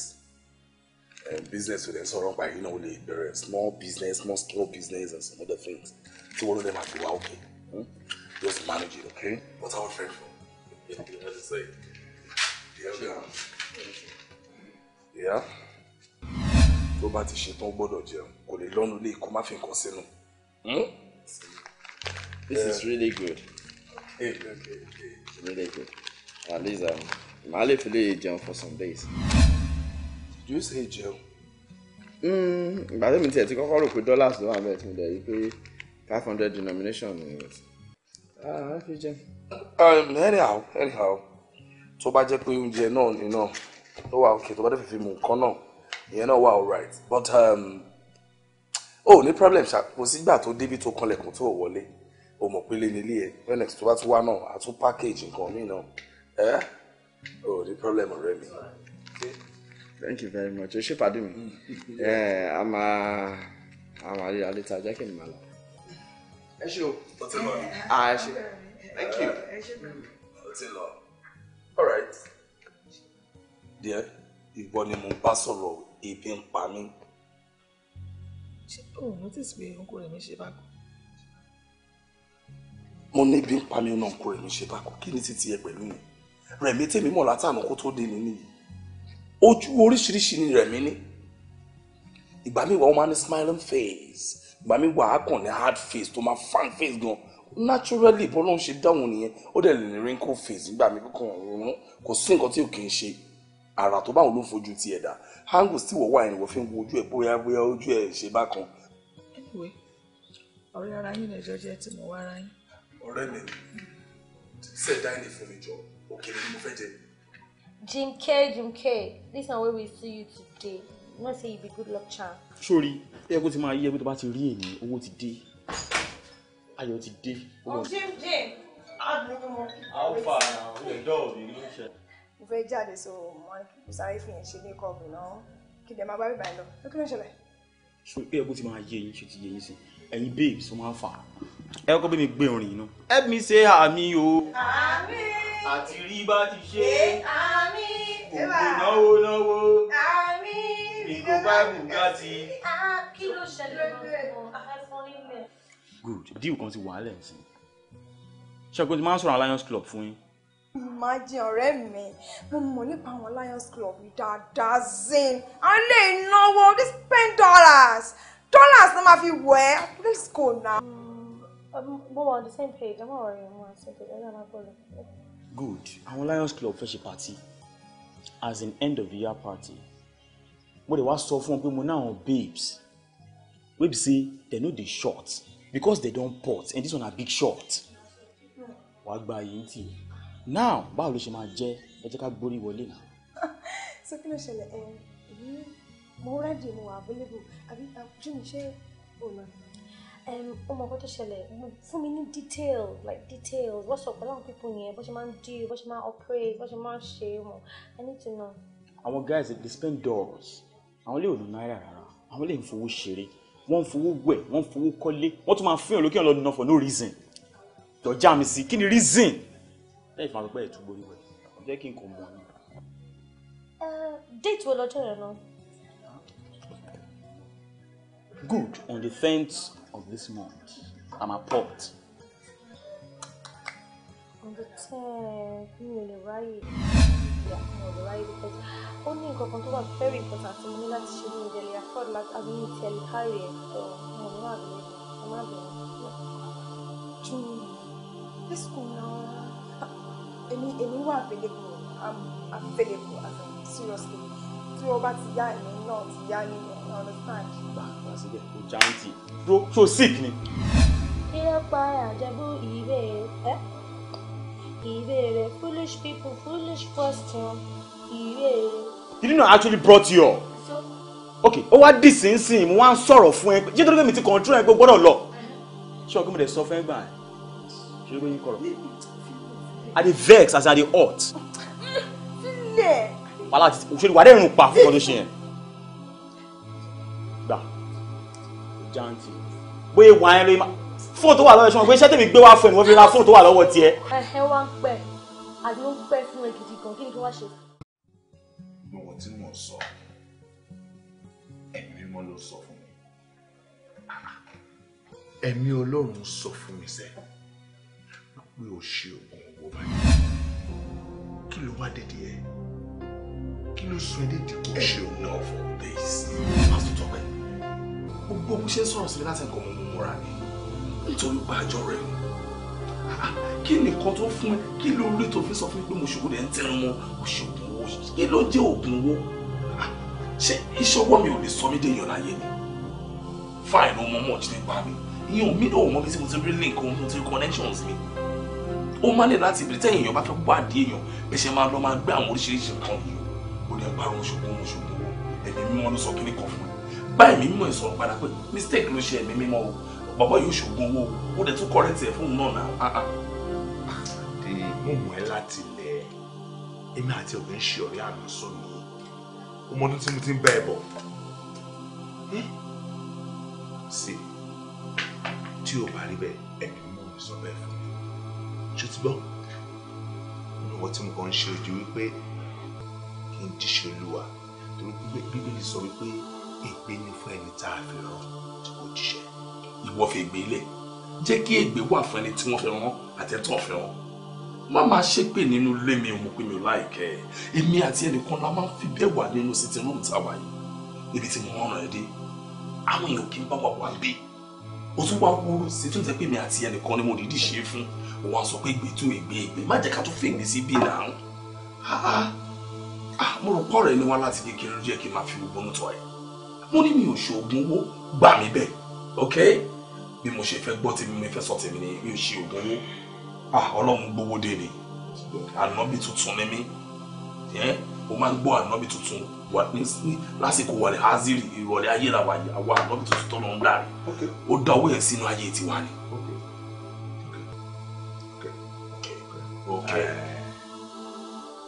um, business with them so sọ̀rọ̀ by you know only very small business small small business and some other things so one of them have to be okay hmm? just manage it okay What's our friend for you know what I'm saying yeah, yeah ìyá tó bá ti ṣetán gbọ́dọ̀ jẹun kò lè lọ́nu lé kó má fi nǹkan sínú. Hmm? This is eh. really good. Hey, eh, eh, hey, hey. Really good. At least um, màá lè fi lè jẹun for some days. Did you say jẹun? Hmm, ìgbà tí mi tiẹ̀ ti kọ́kọ́ rò pé dollars ló wà bẹ́ẹ̀ tí mo dẹ̀ rí pé five hundred denomination ni o. Ah, ẹ fi jẹun. Um, anyhow, anyhow, tó bá jẹ́ pé oúnjẹ náà ni náà ó oh, wà okay tó bá dé fífi mu nǹkan náà ìyẹn náà wà alright but ó um, ní problem ṣá kò sígbà tó débi tó kanlẹ̀kùn tó wọlé o mọ̀ pé lé nílé ẹ̀ when next tó bá tún wá náà a tún package nǹkan mi náà ẹ́ ó ní problem ọ̀rẹ́ mi. thank you very much o ṣe pàdé mi a máa a máa rí alẹ́ ta jẹ́ máa lọ. ẹ ṣe o ọtí lọ. Ah, ẹ ṣe thank you ọtí lọ all right díẹ̀ ìwọ ni mo bá sọ̀rọ̀ ebi ń pa mí. ṣé o ò notice pé ọkọ rẹ̀ mi ṣe bá kú. mo ní ebi ń pa mí ọ̀nà ọkọ rẹ̀ mi ṣe bá kú kí ni títí ẹ pẹ̀lú mi rẹ̀mí tèmi mọ̀ látàánú kó tó dé mi nìyí ojú oríṣiríṣi ni rẹ̀mí ní ìgbà mi wà ó máa ní smiling face ìgbà mi wà á kàn ní hard face tó máa fan face gan naturally bọ́lá ń ṣe dáhùn nìyẹn ó dẹ̀ lè ní wrinkle face nígbà mi kò kàn ń rún kò sí nǹkan tí ò kì í ṣe àrà tó báwọn ló ń fojú ti ẹ̀dá angles tí wọ́n wà yẹn wọ́n fi ń wo ojú ẹ̀ bóyá bóyá ojú ẹ̀ ṣe bákan. anyway ọ̀rẹ́ ara yín lè jọjọ ẹ tí mo wá ara yín. ọ̀rẹ́ mi ṣẹ̀dá ẹni fún mi jọ òkèlè ni mo fẹ́ jẹ. jim k jim k this na where we see you today you know say you be good luck charm. sori ẹ kó ti máa yẹ pé tó bá ti rí èmi owó ti dé ayọ̀ ti dé. o jim jim. alfa na ọjọ́ òbí ló ń ṣẹlẹ̀ mo fẹ́ jáde so wọn kò sáré fi yẹn ṣe ní kọ́ọ̀bù náà kí máa bá bíbá yẹn lọ ló kí ló ń ṣẹlẹ̀. so ẹ kó ti máa yé yín ṣe ti yé yín sí ẹ̀yin babes ó máa fà á ẹ kọ́ bí mi gbé orin yìí help me say àmì o. àmì. àti rí bá ti ṣe. àmì. ògùn náwó náwó. àmì. ìgò báìbù gàtì. kí ló ṣẹlẹ̀ lọ́wọ́ afẹ́fọ́ nílẹ̀. good deal kan ti wà á lẹ́yìn sí ṣẹ́gun ti máa ń sọ̀rọ̀ Lions Club fún yín Imagine ọ̀rẹ́ mi, mo mọ̀ nípa àwọn Lions Club mi dáadáa zin. A lè náwó this ten dollars. Dollars ló máa fi wọ̀ ẹ́. Please go now. Mo mm, um, wà on the same page, I'm already on the same page, ẹ̀rọ àgbọ̀lọ̀. Good, àwọn Lions Club fẹ́ ṣe party as an end of the year party. Mo lè wá sọ fún ọ pé mo ní àwọn babes wey be say dem no dey short because dem don port and this one na big short. Mm. Wàá gba yìí tì í now báwo ló ṣe máa jẹ́ ẹ jẹ́ ká gbórí wọlé náà. so kí ló ṣẹlẹ̀ ẹ èmi mo rẹ́dì mo wà available àbí àbújú mi ṣe òun ó mọ ọkọ tó ṣẹlẹ̀ fún mi ní detail like details wọ́n sọ pẹ̀lú àwọn people yẹn bó ṣe máa ń do bó ṣe máa operate bó ṣe máa ń ṣe é mọ̀ i need to know. àwọn guys dey spend dollars àwọn ilé òòlù náírà rárá àwọn ilé ìfowó ṣeré wọ́n ń fowó wẹ̀ wọ́n ń fowó kọ́lé wọ́n tún máa fihàn lókè ọ̀lọ́dún náà for no reason dọ̀já mi sí kí ni reason lẹ́yìn fún àpẹpẹ ẹtù borí wẹ kò jẹ́ kí n kò mọ̀ ni. déètì wo lọ́jọ́ yẹn lọ. good on the tenth of this month i'm a appalled. on the tenth mi ò lè ráyè ìyá mi ò lè ráyè because ó ní nǹkan kan tó wà very important mo ní láti ṣe ní ìdẹ̀lẹ̀ afford láti abúlé tiẹ̀ lè kárí ẹ̀ tó mo ní wà lórí ẹ̀ mo má bẹ̀rẹ̀. June. this school náà èmi èmi wà available i'm available as in seriously tí o bá ti yá èmi náà ti yá ní ẹ̀yìn understand. gbà gbà síbẹ̀ o jáǹtì dúró tó sick ni. kí pa àjẹbú ìwé ẹ ìwé rẹ foolish people foolish question ìwé rẹ. you didn't know actually brought you up. so ok ó wá dì sínsìn mo wá ń sọ̀rọ̀ fún ẹ jẹ́ torí pé mi ti control ẹ pé o gbọ́dọ̀ lọ ṣé ọgbọ́n mi lè sọ fún ẹ gbà ẹ ṣé o gbé yín kọ̀rọ̀ i dey vex as i dey hot. sílẹ̀. wàhálà ti òṣèlú wàá dẹ́rùn pa fún ọdún ṣe yẹn. gbà janti bóyá wà á lóyún fóònù tó wà lọ́wọ́ ṣọ́n pé iṣẹ́ tèmi gbé wá fún ẹ ni wọ́n fi ra fóònù tó wà lọ́wọ́ tiẹ̀. ẹ ẹ wá ń pẹ àbí ó ń pẹ fún ẹ gidi gan kí ni kí wá ṣe. lọ́wọ́ tí mo sọ ẹ̀mí mímọ́ ló sọ fún mi ẹ̀mí Ọlọ́run sọ fún mi sẹ́ pé o ṣe o kí ló wá dédé ẹ kí ló sọ ẹ dédé kó ṣe òun náà fún bẹ́ẹ̀s. pásítọ̀ pẹ́ gbogbo bó ṣe ń sọ̀rọ̀ sí mi láti ẹ̀kọ́ ọmọ mọ́ra ni nítorí pa àjọ rẹ̀ ni kí nìkan tó fún ẹ kí ló rí tó fi sọ fún mi pé mo ṣòwò rẹ̀ ń tẹnu mọ́ òṣògùn owó kí ló jẹ́ òògùn owó ṣé ìṣọwọ́ mi ò lè sọ mí déèyàn láyé ni fáìlì ọmọ mọ̀ jí mi ìyẹn ò mí lọ́wọ́ bí mo ti rí link ohun tó ti connections mi ó má lè láti ìbílẹ̀ tẹ̀yìn èèyàn bá fẹ́ wá di èèyàn bẹ́ẹ̀ ṣe máa lọ máa gbé àwọn oríṣiríṣi nǹkan yìí ó lè parun ṣògbọ́n mo ṣògbọ́n ẹ̀mí mímọ́ ló sọ kíní kan fún mi bá ẹ̀mí mímọ́ ẹ̀ sọ̀rọ̀ padà pé mistake ló ṣe ẹ̀mí mímọ́ o bàbá yóò ṣògbọ́n owó ó dẹ̀ tún correct ẹ̀ fóun náà náà. Ah, ah. de mo mọ̀ ẹ́ láti ilẹ̀ èmi àti òbí ń ṣe ọ̀rẹ́ àná sọnù ọmọdún tí mo ti ń bá ẹ bọ̀ sí hmm? tí o bá rí bẹ́ẹ̀ ẹ̀mí mímọ́ mi fún ṣó ti gbọ́ nínú ọkọ tí mo kàn ń ṣe ojú wípé kí n jíṣẹ́ olúwa torí bíbélì sọ wípé ègbé ni fún ẹni tá a fi rán tí kò jíṣẹ́ ìwọ fi ègbé lẹ̀ jẹ́ kí ègbé wà fún ẹni tí wọ́n fi rán àtẹ̀tọ́ fi rán má máa ṣépè nínú ilé mi òun pé mi ò láìkẹ́ èmi àti ẹnìkan la máa ń fi bẹ́ẹ̀ wà nínú sitting room tá a wà yìí níbi tí mo rán rẹ̀ dé àwọn èèyàn kì í bá wà wá gbé o tún wá wúrú sí tó ń tẹ́ pé mi àti ẹnìkan ni mo dìídì ṣe é fún ó wá sọ pé ìgbìtú ìgbé ìgbé má jẹ́ ká tún fèmí sí bí náà ah, mo rò pọ̀ rẹ̀ ni wá láti ní kí n jẹ́ kí n máa fi gbogbo tọ̀ ẹ̀ mo ní mi ò ṣoògùn owó gbà mí bẹ́ẹ̀ ok bí mo ṣe fẹ́ gbọ́ tèmi mi fẹ́ sọ tèmi ni mi ò ṣe ògùn owó ah, ọlọ́run gbowó dé ni ànábì tuntun ni mí mo máa ń gbọ́ ànábì tuntun lásìkò wàlẹ̀ haziri ìrọ̀lẹ́ ayé làwà yìí àwọn ànábì tuntun tó lọ ń dà rí ó dá owó yẹn sínú ayé tiwa ni. ok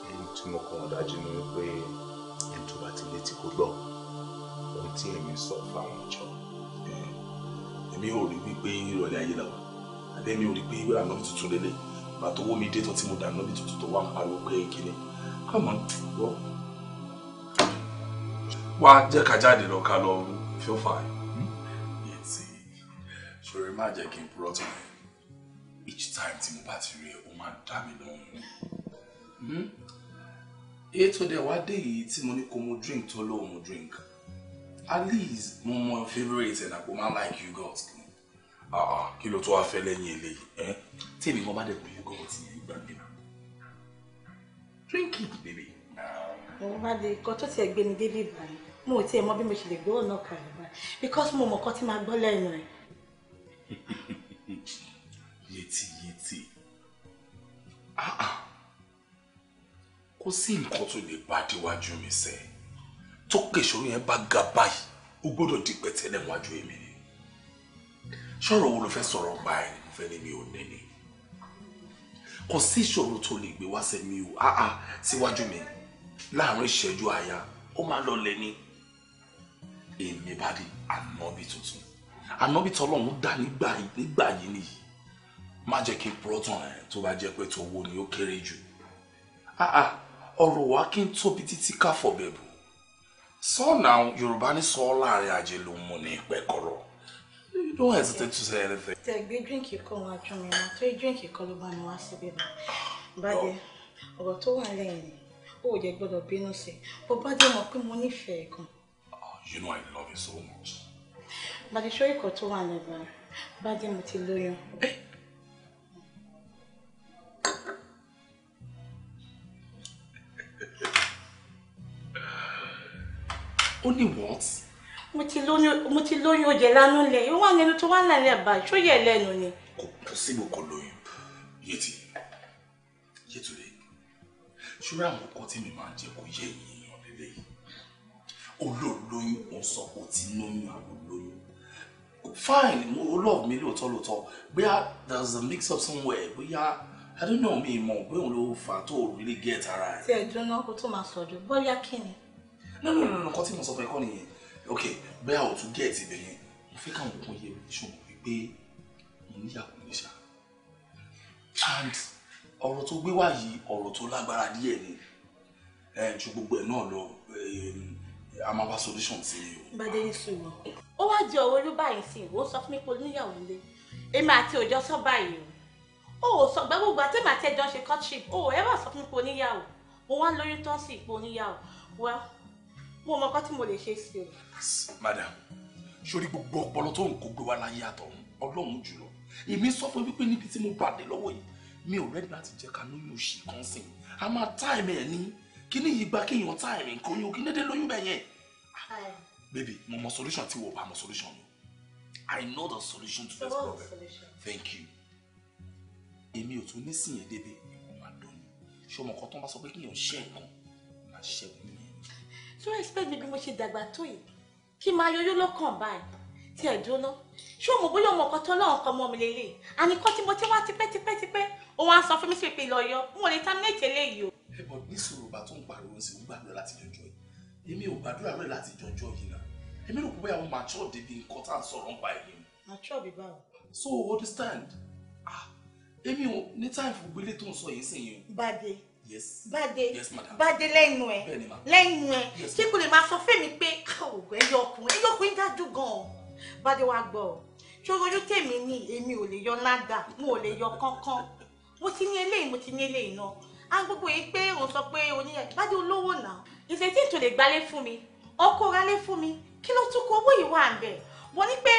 ẹni tí mo kàn dájú ni wípé ẹni tó bá ti létí kó gbọ́ ohun tí èmi sọ fáwọn ìjọ èmi ò rí wípé ìrọ̀lẹ́ ayé la wà àbí èmi ò rí pé ìwéra náà tuntun lélẹ̀ ìgbà tó wó mi dé tán tí mo dà náà bí tuntun tó wà ń pariwo pé kíni kọ́mọ wọ́ wá jẹ́ ká jáde lọ ká lọ fífà yìí. ṣòro má jẹ́ kí n purọ́ tán each time tí mo bá ti rí ẹ ó máa dá mi lọ́rùn hmm? èyí tó dẹ̀ wá dé yìí tí mo ní kó mu drink tó lóun mu drink at least mo mọ favourite ẹ̀ nàpọ̀ máa like you girls ah, kí ló tó wá fẹ́ lẹ́yìn eléyìí ẹ́ tí èmi kan bá dẹ̀ pé you girls yìí gbàgbé náà drink it baby. mo bá lè kọ́ tó tiẹ̀ gbé ni débí báyìí mo ò tiẹ̀ mọ bí mo ṣe lè gbọ́ ọ̀nà kàlẹ́ báyìí because mo mọ̀ kọ́ tí máa gbọ́ lẹ́nu ẹ̀. yétíyétí ah, ah. kò sí nǹkan tó lè bá déwájú mi ṣe tó kèsòrò yẹn bá ga báyìí o gbọ́dọ̀ di pẹ̀tẹ́lẹ̀ wájú èmi ni ṣọ́rọ̀ wo ló fẹ́ sọ̀rọ̀ ń bá ẹ̀ ni mo fẹ́ ní mi ò ní ni kò sí ìṣòro tó lè gbé wá sẹ́mi o áá ah, síwájú mi láàrin ìṣẹ́jú àyà ó máa lọ lẹ́ni èmi bá di ànábì tuntun ànábì tọ́lọ́run dá nígbà yìí nìyí má jẹ́ kí proton ẹ̀ tó bá jẹ́ pé tówó ni ó kéré jù ah, ah, ọ̀rọ̀ wa kí n tóbi títí ká fọ̀bẹ̀bù sọ́ọ̀nà yorùbá ní sọ láàrin ajé ló mú ní ìpẹ́kọ̀rọ̀ you don't hesitate to say anything. tẹ̀gbẹ́ drink kan wá jù mí náà torí dírìnkì kan ló bá mi wá síbí náà bàdé ọ̀rọ̀ tó wà lẹ́yìn ni ó ò jẹ́ gbọ́dọ̀ bínú sí i bó bá dé mọ̀ pé mo nífẹ̀ẹ́ gan. Ah, you know i love you so much. bàdé sọ́yìn kan tó wà lẹ́gbẹ̀ẹ́ bàdé mo ti lóyún. Eh? Only ní what. mo ti lóyún mo ti lóyún oúnjẹ lánàá lẹ ó wà lẹnu tó wà lálẹ́ àbá ìṣòyẹ lẹnu ni. kò kò síbò kò lóyún yétí yétúlé ṣúra àwọn ọkọ tí mi máa ń jẹ kó yé èèyàn lélẹyìí olóòlóyún ò sọ kò tí lóyún àwọn olóyún fine mo olóòf mi lóòótọ́ lóòótọ́ bóyá there's a mix up somewhere bóyá i don't know mi mọ̀ bóyá òun ló fà á tó really get ara ẹ̀. tí ẹ jóná kó tó máa sọ̀dọ̀ bóyá kí ni no no no nǹkan tí mo sọ fún ẹ kọ́ nìyẹn ok bẹ́ẹ̀ ò tún gẹ̀ẹ́tì ibẹ̀ yẹn mo fẹ́ káwọn òkun yẹ mi ṣùgbọ́n wípé mo níyàwó mi ṣá and ọ̀rọ̀ tó gbé wá yìí ọ̀rọ̀ tó lágbára díẹ̀ ni ju gbogbo ẹ̀ náà lọ a máa wá solution sí i o. bàdé ní sùúrù ó wá jẹ owó ló báyìí sí ìwọ sọ fún mi pé oníyàwó ilé èmi àti òjọ sọ báyìí o ò sọ gbẹ gbogbo àtẹmàtẹjọ ṣe courtship o ẹ wà sọ fún mi pé oníyàwó mo wá lórí tó sí ipò oníyàwó well mo mọ nǹkan tí mo lè ṣe sí o. madam sori gbogbo ọpọlọ tó ń kó gbé wa láyé àtọ̀run ọlọ́run jùlọ èmi sọ fún wípé níbi tí mo pàdé lọ́wọ́ yìí mi ò rẹ́dí láti jẹ́ ká lóyún òṣì kan sìn a máa táìmì ẹ̀ ní kíní yìí gba kéèyàn táìmì nǹkan oyún kí dédé lóyún bẹ́ẹ̀ yẹn. baby mo mọ solution tí wò bá mọ solution mi i know the solution to this problem thank you èmi ò tún ní sìn yẹn débi ìwọ̀n máa dọ́ni ṣé ọmọ kan tó ń bá sọ pé kéèyàn ṣe nǹkan máa ṣẹ́gun ṣó expect mi bí mo ṣe dàgbà tó yìí kí máa yọyọ lọ́kàn báyìí tí ẹ̀ dúná ṣé o mọ̀ bóyá ọmọ ọkọ tó lọ́wọ́ kan mọ́ mi lélẹ̀ àníkọ́ tí mo ti wá tipẹ́tipẹ́tipẹ́ òun á sọ fún mi sí pé lọ yọ n ò lè terminate eléyìí o. ẹ bọ ní sòròbà tó ń pariwo sí gbàdúrà láti jọjọ yìí èmi ò gbàdúrà rẹ láti jọjọ yìí náà èmi rò pé bóyá àwọn mature débi nǹkan tá à ń sọ̀rọ̀ ń pa èyí. mature bí báwo. so understand ah èmi ò ní time fún gbélé tó ń sọ yìí sìn yìí. bàdé bàdé bàdé lẹ́nu ẹ̀ lẹ́nu ẹ̀ ṣé kò lè máa sọ fẹ́mi pé ah, ẹyọ ọkùnrin ẹyọ ọkùnrin dájú gan-an bàdé wa gbọ́ ṣòrojú tèmi ni èmi ò lè yọ nádà mo ò lè yọ kánkán mo ti ní eléyìí mo ti ní eléyìí náà á gbogbo yìí pé òun sọ pé oníyẹ bàdé olówó náà ìṣètí ètò lè gbálé fún mi ọkọ rálé fún mi kí ló tún kọ owó yìí wà ń bẹ̀ wọ́n ní pé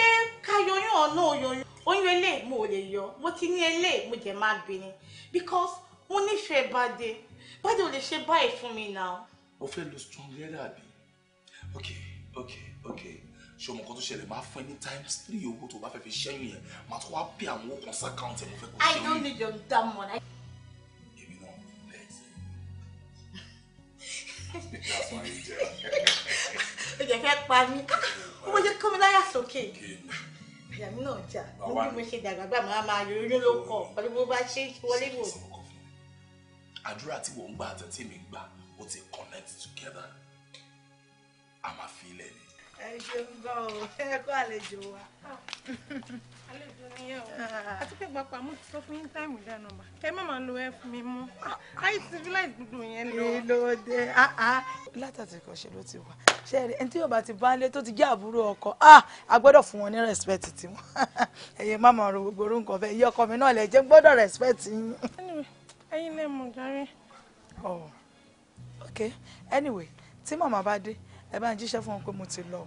ká yọyún ọ̀nà òyòyún oyún eléyìí mo ò lè yọ mo ti ní eléyìí mo jẹ̀ máa gbé ni because mo nífẹ̀ẹ́ bàdé bàdé ò lè ṣe báyìí fún mi náà. mo fẹ́ lo strong leather àbí ok ok ok ṣé ọmọ kan tó ṣẹlẹ̀ máa fún ẹ three owó tó bá fẹ́ fi ṣẹ́yìn yẹn máa tún wá pé àwọn owó kan sákàǹtì ẹ̀ mo fẹ́ kó I don't need your damn money. èmi náà lẹ́yìn. that's my angel. o jẹ fẹ́ pa mí o ah, mo jẹ kó mi láyà sókè àyà mi náà jà mo bí mo ṣe dàgbà gbà máa máa yọ oyún ló kọ pẹ̀lú bó bá ṣe wọlé wò àdúrà tí wọ́n ń gbà àtẹ̀tí mi gbà ó ti connect together a máa fi ilẹ̀ ni. ẹ ṣeun gan o ẹ kó àlejò wa. àlejò nìyẹn o àti pé pàápàá mo ti sọ fún yín táìmù dá nọ́mbà kẹ má máa lo ẹ fún mi mọ́ àì ah, civilize gbogbo yẹn lọ. èlò dé ah, ah. látàtìkọ̀ ṣe ló ti wà ṣe ẹni tí yóò bá ti bá lé tó ti jẹ́ àbúrò ọkọ a gbọ́dọ̀ fún wọn ní respect tiwọn ẹ̀yẹ má máa ro gbogbo orúkọ fẹ́ iye ọkọ mi náà lè gbọ́dọ̀ respect yín ẹ̀yin lè mọ̀ jàre. oh okay anyway tí màmá bá dé ẹ bá ń jíṣẹ́ fún wọn pé mo ti lọ.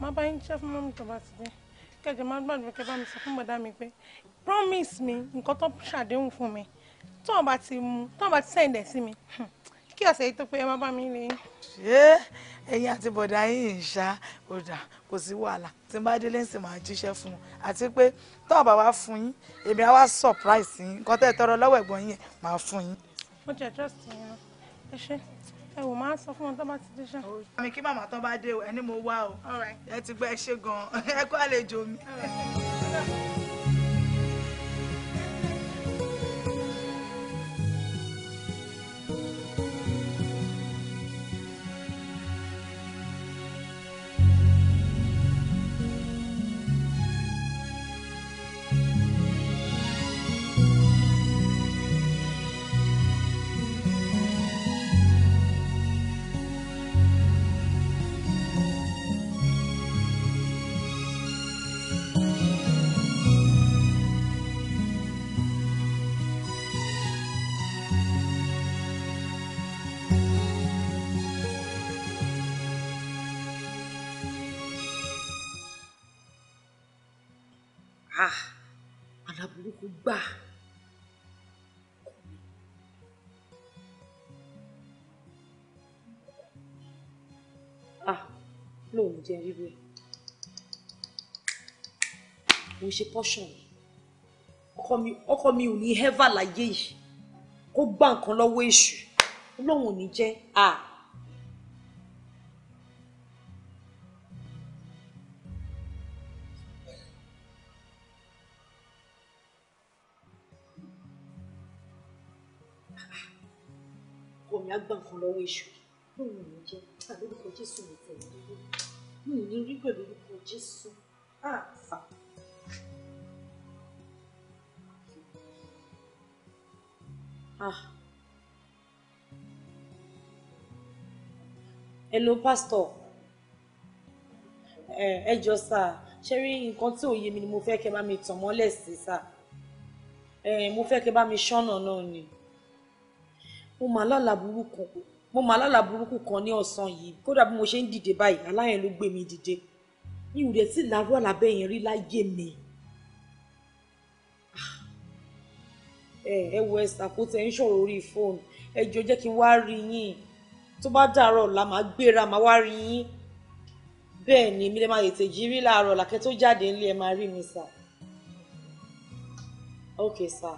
má bá yín jíṣẹ́ fún mọ́mí tó bá ti dé kẹjọ má gbàdúrà kẹ bá mi sọ fún bọ̀dá mi pé promise mi nǹkan tó ṣàdéhùn fún mi tó wọn bá ti mú tó wọn bá ti sẹ́yìn dẹ̀ sí mi hmm, kí ọ̀sẹ̀ yìí tó pé ẹ má bá mi lè. ṣé ẹ̀yin àti bọ̀dá yín ń ṣá ọ̀dà kò sí wàhálà tí n bá délé ń sì máa jíṣẹ́ fún un àti pé tó bá wá fún yín èmi á wá surprise yín nǹkan tẹ́ ẹ tọrọ lọ́wọ́ ẹ̀gbọ́n yín máa fún yín. mo jẹ trust yín lọ ẹ ṣe ẹ wò máa sọ fún wọn tó bá ti dé ṣá. àmì kí màmá tán bá dé o ẹni mo wá o ẹ ti gbọ́ ẹ ṣe gan ẹ kó àlejò mi. gbà ọkọ ah lóun jẹ ríru ẹ mo ṣe pọ́ṣọ̀n mi ọkọ mi ọkọ mi ò ní hẹ́fà láyé yìí kó gbà nǹkan lọ́wọ́ èṣù ọlọ́run ò ní jẹ́ ah. kan lọ́wọ́ èṣù lóun ò ní jẹ́ lórúkọ jésù mi tẹ̀ ní e. lórí mi ò ní rí pẹ̀lú lórúkọ jésù àfà. hello pastor ẹ jọ sá ṣe rí nǹkan tí ò yé mi ni mo fẹ́ kẹ́ bá mi tàn mọ́lẹ̀ sí sá mo fẹ́ kẹ́ bá mi ṣọ́nà náà ni mo mà lálà burúkú mo mà lálà burúkú kan ní ọ̀sán yìí kódà bí mo ṣe ń dìde báyìí aláyẹn ló gbé mi dìde mi ò dẹ̀ sí làárú àlàbẹ́ yẹn rí láyé mi. Ah. ẹ wo ẹsẹ àkótẹ ń sọ̀rọ̀ orí fóònù ẹ jọ jẹ́ kí n wá rí yín tó bá dàárọ̀ la máa gbéra máa wá rí yín bẹ́ẹ̀ ni mi lè máa tètè jí rí láàárọ̀ làkẹ́ tó jáde nílé ẹ máa rí mi sà. ok sir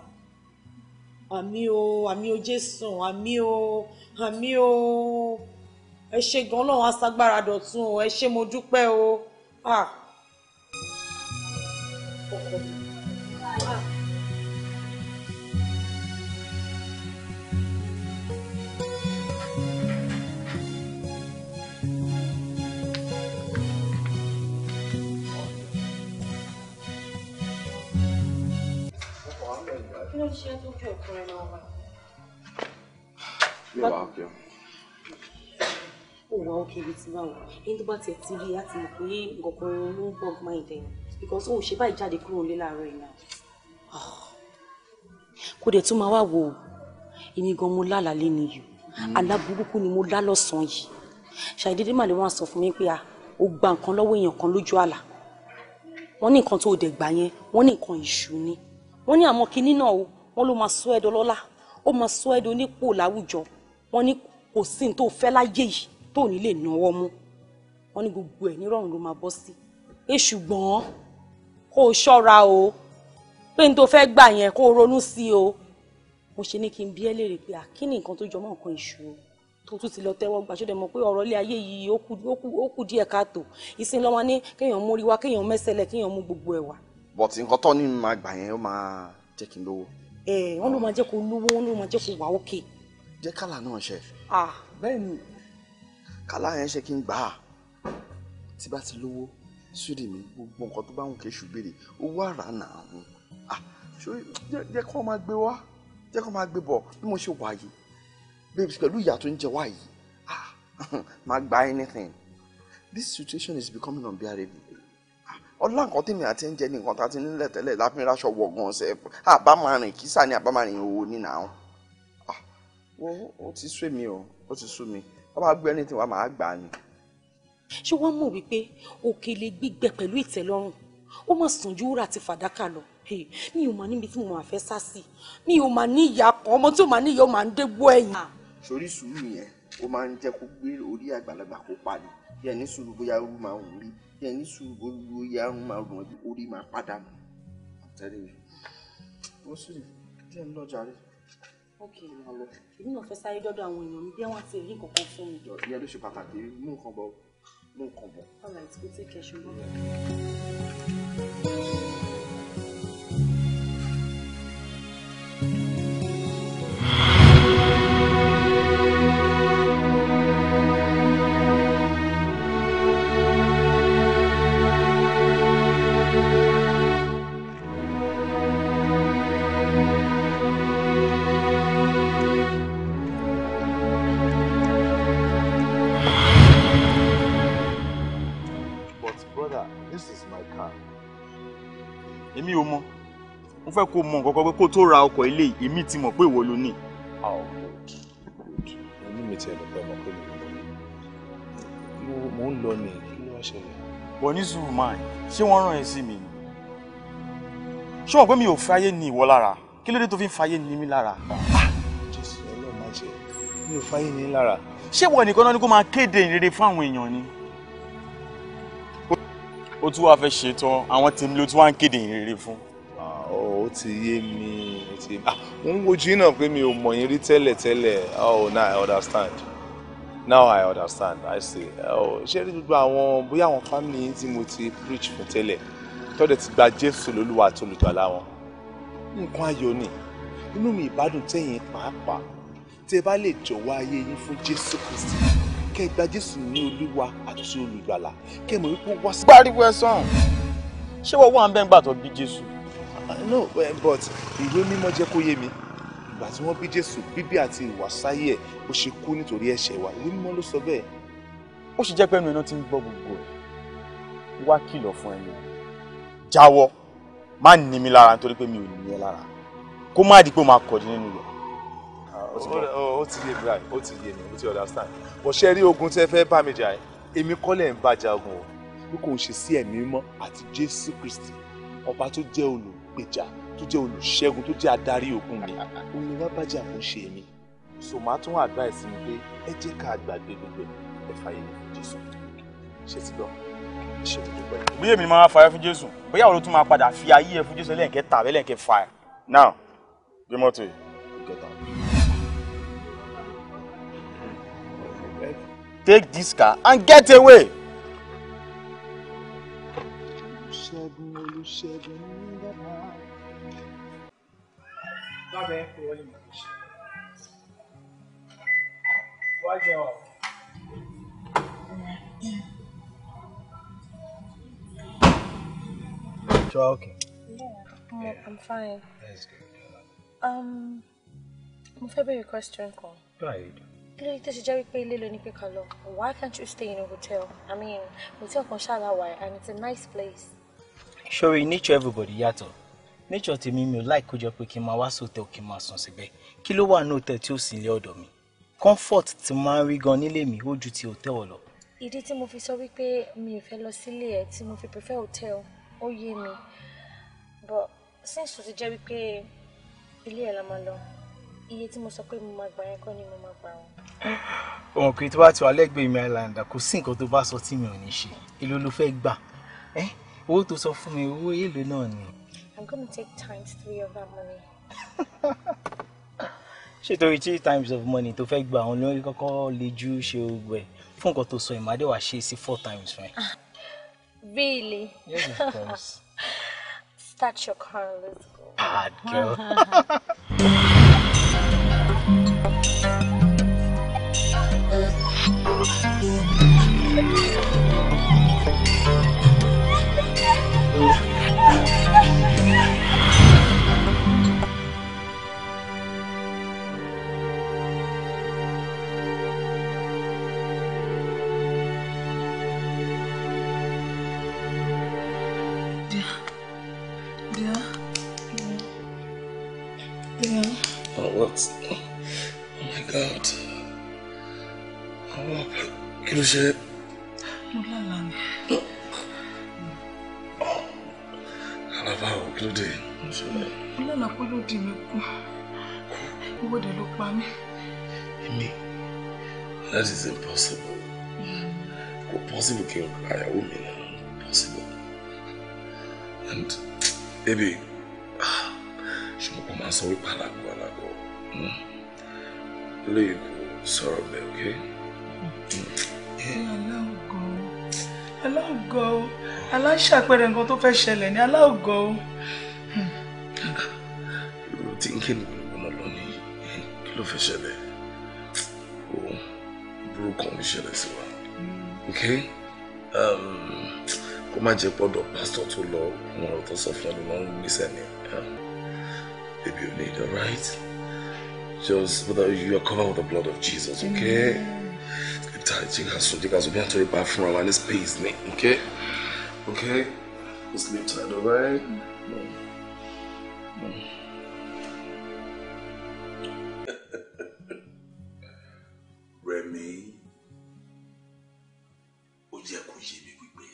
àmì o àmì o jésù àmì o àmì o ẹ ṣe gan ọlọ́run aṣágbára dọ̀tun o ẹ ṣe mo dúpẹ́ o. Ah. Oh, ló ń ṣe tó ju ọkùnrin náà wá. mi wà á kí ọ. ó wà ó kiri tí báwo ẹni tó bá tiẹ̀ ti rí láti mọ̀ pé because òun ṣe báyìí jáde kúrò nílé láàárọ̀ yìí náà. kó dẹ̀ tún máa wá wò ó èmi gan mo lálàá lé ni yìí àlá burúkú ni mo lá lọ́sàn-án yìí ṣàìdédé màlẹ́ wọn sọ fún mi pé a ó gba nǹkan lọ́wọ́ èèyàn kan lójú àlá wọ́n ní nǹkan tó dẹ̀ gbà yẹn wọ́n ní nǹkan ìṣù wọ́n ní àmọ́ kinní náà o wọ́n ló máa sọ ẹ̀dọ̀ lọ́lá ó máa sọ ẹ̀dọ̀ onípò láwùjọ wọ́n ní kò sí ní tó fẹ́ láyé yìí tó ní lè náwó mú wọ́n ní gbogbo ẹ̀ nírọ̀rùn ló máa bọ́ sí ẹ ṣùgbọ́n kó o ṣọ́ra o pé n tó fẹ́ gbà yẹn kó o ronú sí o mo ṣe ní kí n bí ẹ léèrè pé àkíní nǹkan tó jọmọ́ nǹkan ìṣù o tó tún ti lọ tẹ́wọ́ gbà ṣọdẹ mọ̀ pé ọ̀rọ̀ ilé ayé yìí ó kù díẹ̀ káàtó ìsìn lọ́wọ́ ní kéèyàn mórí wá kéèyàn mẹ́sẹ̀lẹ̀ kéèyàn mú gbogbo ẹ̀ wá but nǹkan tó ní ma gbà yẹn ó máa jẹ́ kí n lówó. ẹ eh, wọn ló máa jẹ́ kó lówó wọn ló máa jẹ́ kó wà òkè. jẹ́ kálá náà ṣe. ah bẹ́ẹ̀ ni. kálá yẹn ṣe kí n gbà á tí bá ti lówó sórí mi gbogbo nǹkan tó bá ń kéṣù béèrè owó àrà náà ń ah jẹ́ kó máa gbé wá jẹ́ kó máa gbé bọ̀ bí mo ṣe wà yìí babes pẹ̀lú ìyà tó ń jẹ wá yìí ah máa gba anything this situation is becoming unbearable ọlá nǹkan tèmi àti ẹ̀ ń jẹ ní nǹkan tá a ti nílẹ̀ tẹ́lẹ̀ lápínrẹ́ aṣọ wọ̀ gan ṣe àbámarin kìsà ni àbámarin owó nínà án wo ó ti sú mi o ó ti sú mi wọ́n bá gbé ẹni tí wọ́n máa gbà á ni. ṣé wọ́n mọ̀ wípé òkèlè gbígbẹ pẹ̀lú ìtẹ́lọ́rùn ó mà sùn ju wúrà àti fàdákà lọ mi ò mà níbi tí mo máa fẹ́ sá sí mi ò mà ní ìyá kan ọmọ tí ò mà ní ìyá ò mà ń dégbó ẹ̀yìn. sórí sùúrù yẹn ó máa ń jẹ́ kó gbé orí àgbàlagbà kó pa ni bí ẹni sùúrù bóyá ó máa ń rí yẹn ní sùúrù olùwòye àrùn máa rùn ẹbí orí máa padà mọ àtẹlẹ yìí ó sì díẹ̀ ń lọ́jà rẹ̀. ok ìwà lọ èmi náà fẹ́ sáré dọ́dọ̀ àwọn èèyàn mi bí wọ́n ti rí nǹkan kan fún mi. ìyẹn ló ṣe pàtàkì mú nǹkan bọ̀ mú nǹkan bọ̀. all right go take care ṣùgbọ́n. fẹ́ kó mọ nǹkan kan pé kó tó ra ọkọ̀ ilé èmi ti mọ̀ pé ìwọ ló ní. inú mi tiẹ̀ ló pẹ́ mọ̀ pé mi ò lọ mò ń lọ ní kí ló wá ṣẹlẹ̀. bọ̀ ní sùúrù máa ṣé wọ́n rán ẹ sí mi ni ṣé wọ́n pé mi ò fáyé ní ìwọ lára kí ló dé tó fi ń fáyé ní mi lára. Ah! mi ò fáyé ní lára. ṣé wọ́n nìkan náà ni kó máa kéde ìrere fún àwọn èèyàn ni ó tún wá fẹ́ ṣetán àwọn tèmi ló tún wá ń kéde ìrere fún ó ti yé mi ó ti yé mi ah ń wojú náà pé mi ò mọ̀ yín rí tẹ́lẹ̀ tẹ́lẹ̀ oh now I understand now I understand I see oh ṣé rí gbogbo àwọn bóyá àwọn family yín tí mo ti preach fún tẹ́lẹ̀ tọ́lẹ̀ ti gba Jésù lólúwa àti olùgbàlà wọn nǹkan ayọ̀ ni inú mi ìbádùn tẹ̀yìn pàápàá tẹ́ bá lè jọ̀wọ́ ayé yín fún Jésù Kristi kẹ́ ẹ gba Jésù ní olúwa àti olùgbàlà kẹ́ ẹ mọ̀ wípé wá sí. gbáríwó ẹ sàn ṣé wọ́n wà ń bẹ́ẹ̀ gbà tó bí Jésù no eh, but ìwé mímọ́ jẹ́ kó yé mi ìgbà tí wọ́n bí jésù bíbí àti ìwàsáyé ẹ̀ ó ṣe kú nítorí ẹ̀ṣẹ̀ wa ìwé ló sọ bẹ́ẹ̀. ó ṣe jẹ́ pé ẹnu iná ti ń gbọ́ gbogbo ẹ̀ wá kìlọ̀ fún ẹni jáwọ́ má ní mi lára nítorí pé mi ò ní ẹ lára kó má di pé mo máa kọ̀ dín nínú rẹ̀ ah, ó ti yé mi ó ti yé mi ó ti understand bó ṣe rí ogun tẹ́ fẹ́ bá mi jà yẹn èmi kọ́ lẹ̀ ń bá jagun o bí kò ṣe sí ẹ̀mí mọ́ àti jésù kristi ọba tó jẹ́ olùkọ́ olùgbèjà tó jẹ́ olùṣẹ́gun tó jẹ́ adarí ogun mi òun ni wàá bàjẹ́ àkóṣe mi so tún advice mi pé ẹ jẹ́ ká gbàgbé gbogbo ẹ fàyè mi fún Jésù ṣe ti lọ ṣe ti dúpẹ́. bóyá èmi máa fàyè fún Jésù bóyá àwọn olótú máa padà fi ayé ẹ fún Jésù ẹlẹ́ǹkẹ́ tà ẹlẹ́ǹkẹ́ fà ẹ. now Jimote ìkẹta. take this car and get away. olùṣègùn bàbá. bàbá ẹ kúrò ní ìlú ṣe wá jẹ ọ. okay. Yeah, yeah. I'm fine. That's good. Um, mo fẹ́ bẹ̀rẹ̀ question kan. Go ahead. kí ló tẹ́ ṣe jẹ́ wípé ilé ló ní pé ká why can't you stay in a hotel i mean hotel kan ṣáà la and it's a nice place sori nature everybody yàtọ̀ nature tèmi mi ò láì kójọ pé kí n máa wá sòtẹ́ kí n máa sùn síbẹ̀ kí ló wà ní hòtẹ́ẹ̀lì tí ó sì ilé ọ̀dọ̀ mi comfort ti máa ń rí gan nílé mi ó ju ti hòtẹ́ẹ̀lì lọ. ìdí tí mo fi sọ wípé mi ò fẹ́ lọ sílé ẹ̀ tí mo fi prefer hotel ó yé mi but since o ti jẹ́ wípé ilé ẹ̀ la máa lọ iye tí mo sọ pé mo máa gbà yẹn kọ́ ni mo máa gbà wọn. ohun kì tó bá ti wà lẹ́gbẹ̀ẹ́ mi àìlànà kò sí nǹkan tó bá sọ tí mi ò ní ṣe èló ló fẹ́ gbà ẹ́ owó tó sọ fún mi owó èlò náà ni. I'm gonna take times three of that money. ṣé torí three times of money tó fẹ́ gba àwọn olórí kọ́kọ́ lè ju ṣe gbogbo ẹ̀ fún nǹkan tó sọ ìmọ̀dé wàá ṣe sí four times fún ẹ. Ah, really? Yes, of Start your car, let's go. Bad girl. Thank you. Oh, oh, my God! Oh, Kí ló Can you see? ni. bàbá o kí ló dé. ilé náà kó ló dì mí kú owó ló pa mí. èmi that is impossible kò possible kí n pa ìyàwó mi náà possible and baby ṣùgbọ́n kò máa sọ wípé alágọ̀ alágọ̀ lóye kò sọ̀rọ̀ bẹ́ẹ̀ ok. ìyá aláwọ̀ gan aláògo o aláṣàpẹrẹ nǹkan tó fẹ́ ṣẹlẹ̀ ní aláògo o. lóòrò tí ń kéde gbogbo náà lónìí kí ló fẹ́ ṣẹlẹ̀ o burúkú ní ṣẹlẹ̀ sí wa um, kó má jẹ́ gbọ́dọ̀ pásítọ̀ tó lọ wọn ọ̀rọ̀ tó sọ fún ọ ló máa ń gbèsè ni um, baby you need all right just without you are covered with the blood of Jesus okay. Mm síta jẹ́ ká sùn jẹ́ ká sùn bí àtúrò ìpa fúnra wa ní space ni ok ok we'll sleep tight alright. Mm. Mm. Rẹ̀mí ó jẹ́ kó yé mi wípé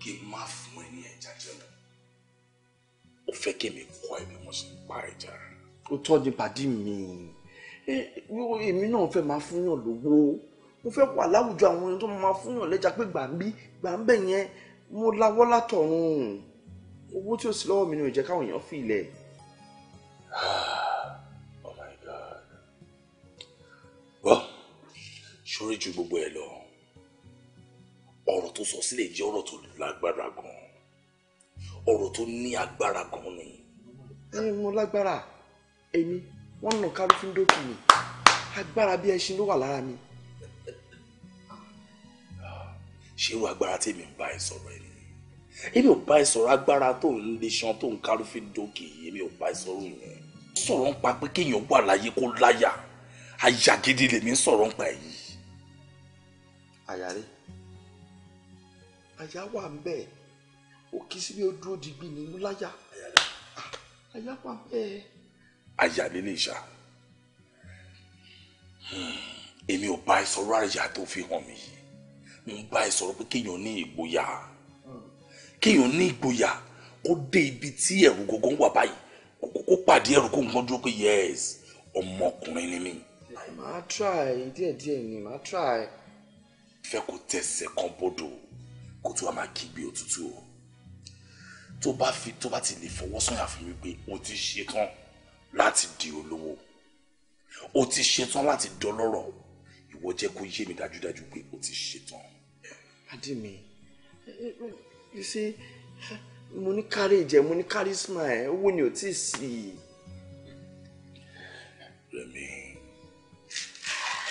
kí n má fún ẹ ní ẹja jẹun ó fẹ́ kí èmi kọ́ èmi náà fẹ́ máa fúnyàn lówó mo fẹ́ wà láwùjọ àwọn ẹni tó máa fúnyàn lẹ́jà pé gbàǹbí gbàǹbẹ̀ yẹn mo lawọ́ látọ̀run owó tí ò sí lọ́wọ́ mi ni ò jẹ́ káwọn èèyàn fi ilẹ̀. oh my god well ṣorí ju gbogbo ẹ lọ ọ̀rọ̀ tó sọ sílẹ̀ jẹ́ ọ̀rọ̀ tó lágbára gan ọ̀rọ̀ tó ní agbára gan ni. ẹ mo lágbára èmi. E wọ́n nà kárú fún dókì mi agbára bí ẹṣin ló wà lára mi. ṣé irú agbára tí èmi ń bá ẹ sọ̀rọ̀ ẹ nìyẹn èmi ò bá ẹ sọ̀rọ̀ agbára tó ń lè ṣan tó ń kárú fún dókì èmi ò bá ẹ sọ̀rọ̀ yẹn sọ̀rọ̀ ń pa pé kéèyàn wà láyé kó láyà àyà gidi lèmi ń sọ̀rọ̀ ń pa èyí. àyà rẹ àyà wà ń bẹ òkè síbi ó dúró digbí ni láyà àyà wà ń bẹ àyàlé lè ṣá èmi ò bá ẹ sọ̀rọ̀ àyà tó fi hàn mí yìí mo ń bá ẹ sọ̀rọ̀ pé kéèyàn ní ìgboyà kéèyàn ní ìgboyà kó dé ibi tí ẹ̀rù gọ́gọ́ ń wà báyìí kó pàdé ẹ̀rù kó nǹkan dúró pé yes ọmọkùnrin ni mí. màá try díẹ̀díẹ̀ ni màá try. fẹ́ kó tẹ̀sẹ̀ kan bọ́dọ̀ kó tó wá máa kígbe òtútù o tó bá ti lè fọwọ́ sọ̀yà fún mi pé o ti ṣe tán láti di olówó o ti ṣetán láti dọlọ́rọ̀ ìwọ jẹ́ kó yé mi dájúdájú pé o ti ṣetán. pàdé mi you see mo ní courage mo ní charisma ẹ owó ni ò tí sí i. Remi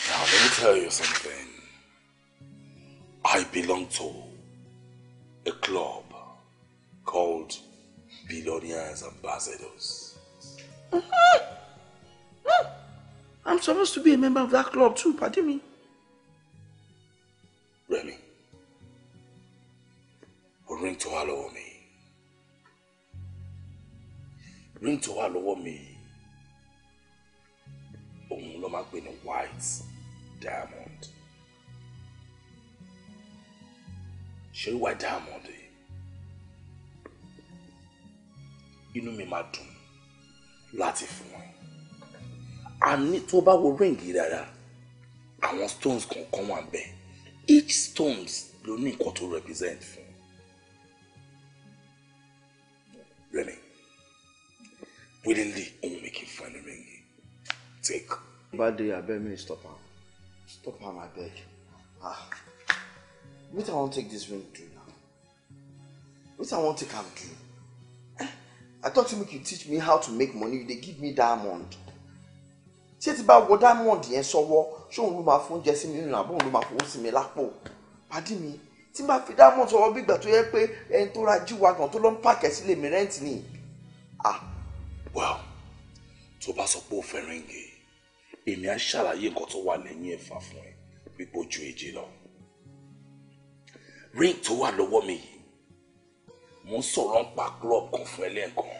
now let me tell you something I belong to a club called Billionaires Ambassadors. I'm supposed to be a member of that club too, pardon me. Remy, o ring tó wà lọ́wọ́ mi. Ring tó wà lọ́wọ́ mi. Òun ló máa pè ní white diamond. Ṣé white diamond yìí? Inú me. máa dùn láti fún ẹ àní tó bá wo ríǹgì dára àwọn stones kọ̀ọ̀kan wà ń bẹ each stones ló ní nǹkan tó represent fún Remi willingly òun mi kì í fún ẹnu ríǹgì take. bá dé abẹ́ mi stop am stop am abeg ah wetin i wan take this ring do now wetin i wan take am do. I thought you make you teach me how to make money you dey give me diamond ṣé ti bá wọ diamond yẹn sọ́wọ́ ṣóun ló máa fún oúnjẹ sí mi nínú àbóun ló máa fowó sí mi lápò pàdí mi tí máa fi diamond sọ́wọ́ bí ìgbà tó yẹ pé ẹni tó ra jíwa gan tó lọ ń pààkẹ́ sílé mi rent ni. ah well tó bá sọ pé o fẹ́ rẹ́ǹgì èmi á ṣàlàyé nǹkan tó wà lẹ́yìn ẹ̀fà fún ẹ pípọ̀ ju èjì lọ ring tó wà lọ́wọ́ mi yìí mo ń sọ̀rọ̀ ń pa club kan fún ẹ lẹ́ẹ̀kan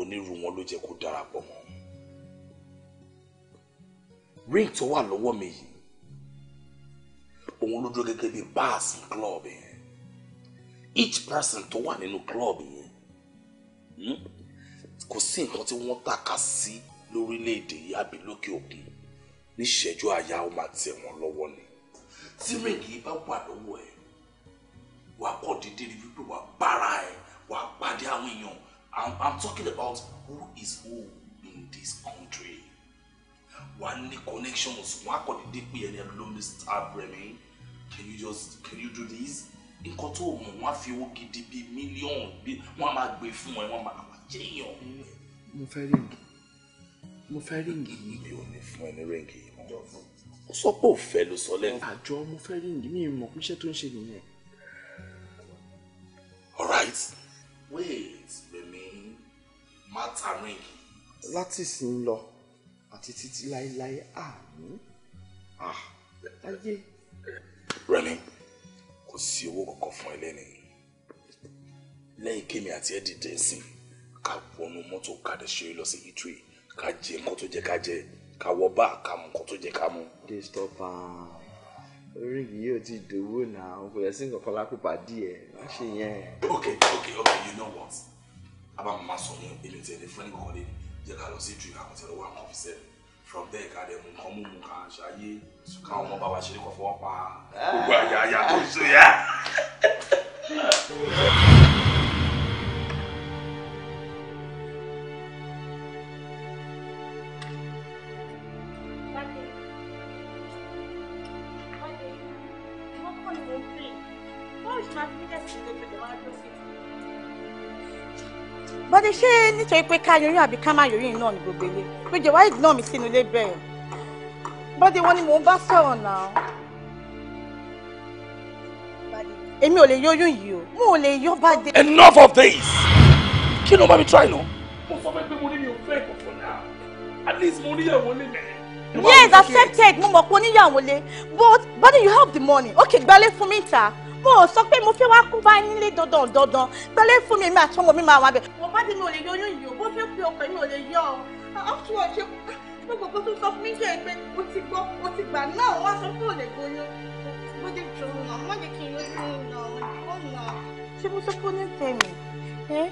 onírú wọn ló jẹ́ kó darapọ̀ mọ́ ring tó wà lọ́wọ́ mi yìí òun ló dúró gẹ́gẹ́ bí bars club yẹn each person tó wà nínú club yẹn hmm, kò sí nǹkan tí wọ́n tàka sí lórílẹ̀‐èdè yìí àbí lókè òkun níṣẹ́jú àyà ó máa tẹ̀ wọ́n lọ́wọ́ ni tí ring yìí bá wà lọ́wọ́ ẹ̀ wà á kọ̀ déédéé wípé wà bára ẹ̀ wà pàdé àwọn èèyàn I'm, I'm talking about who is who in this country wà á ní connections wà á kọ̀ déédéé pé ẹni ẹni ló ń stab Rẹ̀mí can you just can you do this nǹkan tó mọ̀ wọ́n á fi owó gidi bíi mílíọ̀nù bíi wọ́n á máa gbé fún ẹ wọ́n á máa jẹ́yàn. mo fẹ́ ríǹgì mo fẹ́ ríǹgì yìí. mi ò ní fún ẹ ní ríǹgì ó sọ pé òfẹ́ ló sọ lẹ́nu. àjọ mo fẹ́ ríǹgì mi ì mọ̀ pé iṣẹ́ tó ń ṣe nìyẹn alright. wait Bẹ́mi má ta ring. láti sìn lọ àti títí láéláé àmì ayé. Ah, Rẹ̀mí kò sí owó kankan fún ẹ lẹ́nu lẹ́yìn kémi àti ẹ̀ dìde sí ká wọnú mọ́tò kàdé ṣe lọ sí Italy ká jẹ nǹkan tó jẹ ká jẹ ká wọ bá ká mu nǹkan tó jẹ ká mu. dey stop am. Uh orí yìí ò ti dòwó náà kò yẹ sí nǹkan kan lápòpá díẹ̀ má ṣe yẹn. ok ok ok you know what abba mama sọ yẹn èmi ò tẹ̀lé fún ẹnìkan lè jẹ́ ká lọ sí ju ìhà àkọsílẹ̀ owó àwọn ọ̀fíìsẹ̀ from there ká dẹ̀ mú nǹkan mú mu ká ṣayé káwọn ọmọ bá wa ṣe é kọ́ fọwọ́ pa gbogbo àyà àyà tó ṣe yá. wọ́n ní nítorí pé ká yoyún àbí ká má yoyún náà ní gbogbo ilé ló wáyé náà mi sínú ilé bẹ́ẹ̀ bọ́dé wọn ni mò ń bá sọ̀rọ̀ náà èmi ò lè yóyún yìí o mo ò lè yọ bá dé. enough of this kí ló bá mi try náà. mo sọ fẹ́ pé mo ní mi ò fẹ́ kọ̀ọ̀kan náà at least mo níyàwó lé mẹ́rin yes accepted mo mọ̀ pé oníyàwó lé but bọ́dé you have the money okay gbalẹ̀ fún mi ta mo sọ pé mo fẹ́ wá kú bá nílé dandan dandan pẹ̀lẹ́ fún mi máa tọ́mọ mi máa wà bẹ̀. mo bá dín mi ò yọ oyún yìí o bó fẹ́ fi ọkọ̀ mi ò lè yọ ọ ọ́fíìsì wọn ṣe gbogbo kó tún sọ fún mi jẹ́ pé o ti gbọ́ o ti gbà náà wọ́n sọ pé ò lè gbóyún bó dé jù ú náà mọ́ jẹ́ kí n lóyún náà ó nà. ṣé mo sọ fún ní tèmi ẹ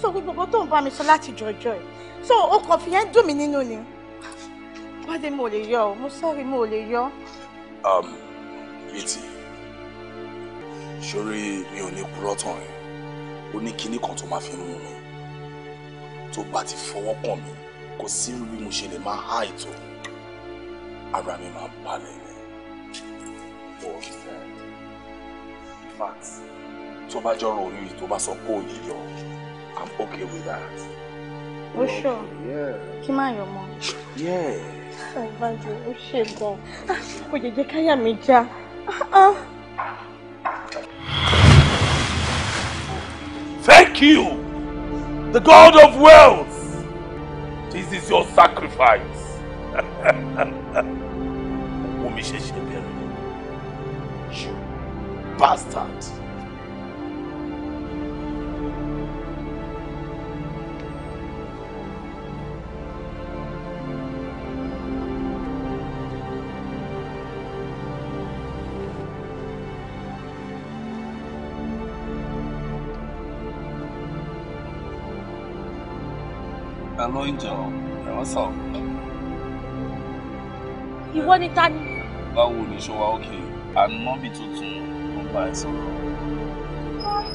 sọ gbogbo tó ń bá mi sọ láti jọjọ ẹ so o kàn fi yẹn dùn mí nínú ni wọ́n dé mi lè yọ mo sọ́ọ̀rì sórí mi ò ní purọ́ tàn ẹ́ ó ní kinní kan tó máa fi mú mi tó bá ti fọwọ́ kàn mí kò sí irú bí mo ṣe lè máa há ètò ara mi máa balẹ̀ ni. Um, fact tó bá jọrọ orí tó bá sọ pé òye yọ i'm okay with that. ó ṣọ kí má yọ mọ. ṣàgbájú ó ṣe gan-an ah, kò jẹ́ jẹ́ káyà mi já. Ah, ah. Thank you, the God of wealth. This is your sacrifice. You bastard. want it, ẹ̀wọ̀n That will be sure okay. And ni ṣọwa too àná mi tuntun want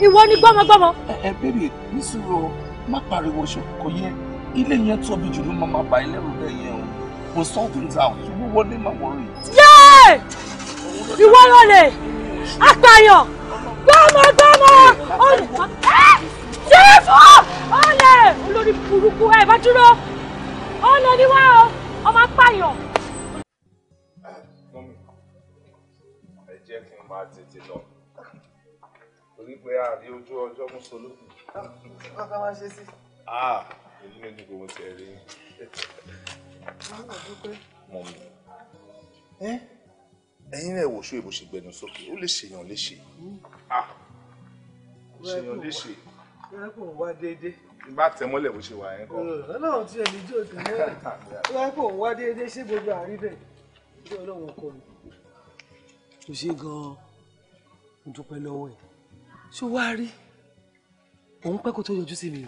it, bá ẹ Hey, baby, ni gbọ́mọgbọ́mọ. my ẹ bẹ́ẹ̀ ní sùúrù má pariwo ṣòkò yẹ ilé yẹn tóbi jù ló máa ma bá ilé rò bẹ́ẹ̀ yẹn o kò sọ́ọ̀tù níta òun wọlé má wọrí. yéè ìwọ ló lè apààyàn gbọ́mọgbọ́mọ olùkọ́ Jeff ọ̀lẹ̀ olórí burúkú ẹ̀ bá dúró ọ̀lẹ̀ ni o ọmọ apáyàn. mọ́mí ẹ jẹ́ kí n máa tètè lọ torí pé àrí ojú ọjọ́ mú solókù. wọ́n ká máa ṣe sí. èyí ní gbogbo ti ẹ̀ rí. mọ́mí ẹ̀yin náà wò ṣó ìbò ṣègbẹnu sókè ó lè ṣèyàn léṣe. ṣèyàn léṣe ẹ ìgbà tẹ̀mọ́lẹ̀ bó ṣe wà yẹn kọ́. ọlọ́run tí ẹni jó tẹ̀mọ́lẹ̀ ẹ kò wá déédéé ṣé gbogbo àríbẹ̀ ṣé ọlọ́run kọ ni. kò ṣe gan-an dúpẹ́ lọ́wọ́ ẹ̀ ṣé wàá rí òun pẹ́ kó tó yọjú sí mi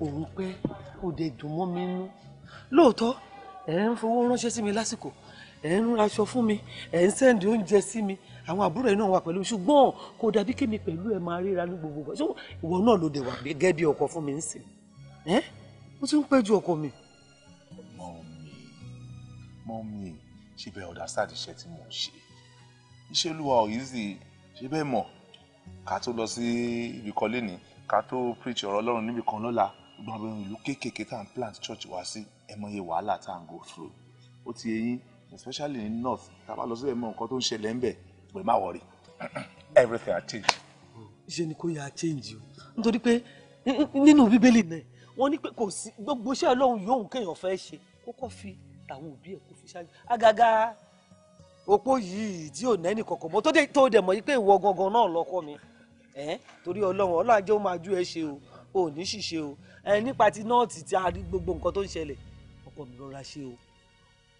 o òun pẹ́ kó dé dùn mọ́ mi nú lóòótọ́ ẹ̀ ń fowó ránṣẹ́ sí mi lásìkò ẹ̀ ń raṣọ fún mi ẹ̀ ń sẹ́ǹdì oúnjẹ sí mi àwọn àbúrò yìí náà wà pẹ̀lú ṣùgbọ́n kò dàbí kémi pẹ̀lú ẹ̀ máa ríra ní gbogbo ìgbà ìwọ náà ló dẹ̀ wà gẹ́gẹ́ bí ọkọ fún mi ń sìn ẹ́ ó ti ń pẹ́ ju ọkọ mi. mọ́mí mọ́mí ṣe bẹ́ẹ̀ ọ̀dà sáà iṣẹ́ tí mò ń ṣe iṣẹ́ olúwa ò sì ṣe bẹ́ẹ̀ ká tó lọ sí ibi kan lé ká tó preach ọ̀rọ̀ ọlọ́run níbi kan lọ́la gbọ́n ìlú kéékèèké tá à ń plant church wá sí ẹ̀mọye wàhálà tá à ń go through ó ti eyín especially in north tá a bá lọ sí ẹ̀mọ nǹkan tó ń ṣẹlẹ̀ ń bẹ̀ We ma worry. everything has changed. ṣe ni kò yá change o nítorí pé nínú bíbélì náà wọ́n ní pé kò sí gbogbo iṣẹ́ ọlọ́run yòówù kéèyàn fẹ́ ṣe kókó fi tàwọn òbí ẹ̀ kó fi ṣáájú àgàgà opó yìí tí ò nẹ́ni kọ̀ọ̀kan mọ́ tó dẹ̀ mọ́ yí pé ìwọ gangan náà lọ́kọ mi torí ọlọ́run ọlọ́run ajé ó máa jú ẹ ṣe o ò ní ṣìṣe o nípa ti nọ́ọ̀tì tí a rí gbogbo nǹkan tó ń ṣẹlẹ̀ ọkọ mi rọra ṣe o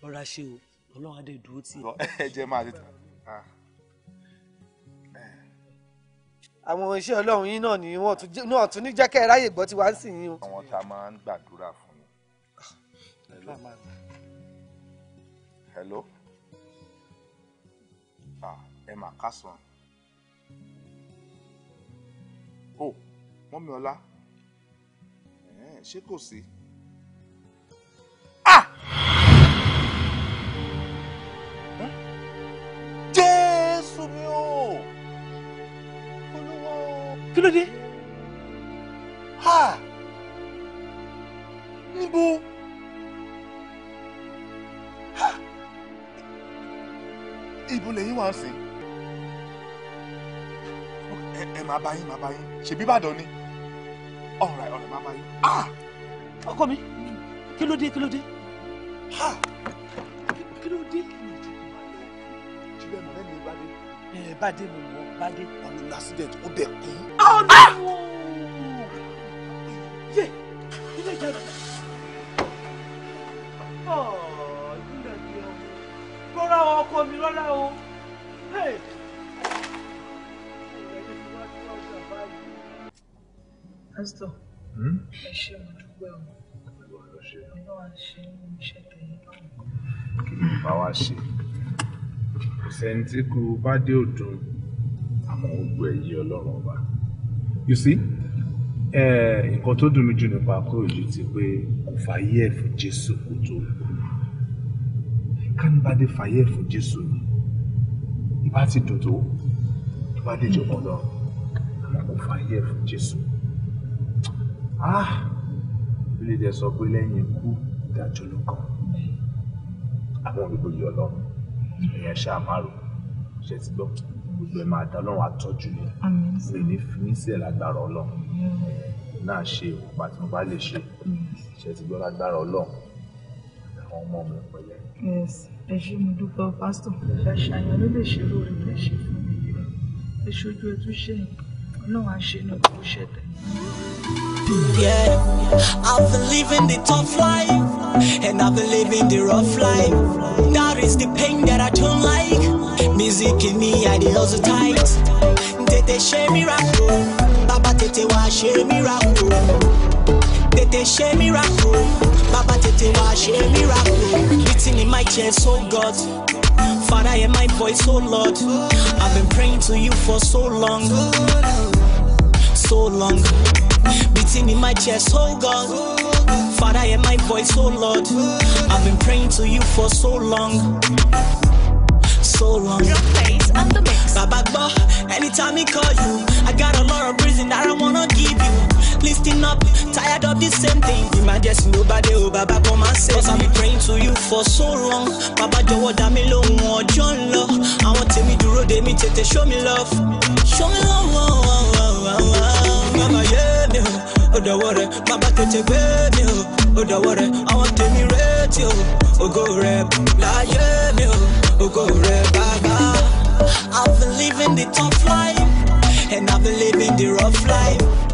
rọra ṣe o ọlọ́run adé dúró tì í. ẹ jẹ́ máa ṣe àwọn iṣẹ́ ọlọ́run yín náà ni wọ́n tún ní jẹ́kẹ́ ráyè gbọ́ tí wàá sì yín o. àwọn tá a máa ń gbàdúrà fún mi. hello ah ẹ mà kásán o mọ́mi ọlá ṣé kò sí. ah jésù mi o kí ló dé? ha níbo ha ibo lẹ́yìn wá sí ẹ ẹ máa bá yín máa bá yín ṣèbí ìbàdàn ni ọ̀rọ̀ ọ̀rọ̀ máa bá yín ah ọkọ mi kí ló dé kí ló dé ha kí ló dé kí ló dé kí ló dé ṣùgbọ́n ẹ̀mọ̀rẹ́ mi bá dé ẹ bàdé mo mọ bàdé. wọn ní accident ó dẹ kú. ọ̀nà yé ilé ìjà rẹ̀. ìdílé mi ò rọra ọkọ mi rọra o. pásítọ̀ hmm? ẹ ṣe mo dúpẹ́ o ọlọ́wà ṣe ń ṣe tẹ̀yìn báwọn. kí ni bá wa ṣe kò bá dé òdùn àmọ́ gbogbo ẹ̀yí ọlọ́run ọba you see nǹkan tó dùn mí jù nípa kúrò yìí ti pé kò fàyè ẹ̀ fún jésù kó tó kú kánibàdé fàyè ẹ̀ fún jésù ni ìbá ti dùn tó ìbá dé jọ̀bọ̀ náà àmọ́ kò fàyè ẹ̀ fún jésù ah ilé sọ pé lẹ́yìn ikú ìdájọ́ ló kàn àwọn olùgbòye ọlọ́run èèyàn ṣáà má rò ṣe ti gbọ́ gbogbo ẹ̀ máa dá ọlọ́run àtọ́jú yẹn mi ní fi ní sílẹ̀ lágbára ọlọ́run náà ṣe ìwọ̀nba tí mo bá lè ṣe ṣe ti gbọ́ lágbára ọlọ́run àwọn ọmọ mi pẹ̀lẹ́. ẹ ṣé mo dúpẹ́ pásítọ̀ ṣàṣàyàn ló lè ṣe lórí ilé ṣe fún mi ẹ ṣojú ẹ tún ṣe ọlọ́run àṣẹ náà kò ṣẹ̀dá. Yeah, I've been living the tough life, and I've been living the rough life. That is the pain that I don't like. Music in me, I did also tight. Tete share miracle, Baba tete wa share miracle. Tete share miracle, Baba tete wa share miracle. rap. in my chest, oh God. Father, hear my voice, oh Lord. I've been praying to you for so long. So long beating in my chest, oh God. Father, hear my voice, oh Lord. I've been praying to you for so long. So long. Your face and the mix. Baba -ba, anytime he call you, I got a lot of reason that I wanna give you. Listing up, tired of the same thing. Imagine nobody, oh Baba, come and save Cause I've been praying to you for so long. Baba, jọ̀wọ́ dá mi lóhùn ọjọ́ ń lọ. Àwọn tèmi dúró they mí tètè show me love. Show me love, oh, oh, oh, oh, oh. Baba, yeah my dọwọ́ rẹ bàbá tètè gbé mi o ó dọwọ́ rẹ àwọn tèmi retí o ògo rẹ láyé oh. o ògo rẹ bàbá. I've been living the tough life and I've been living the rough life.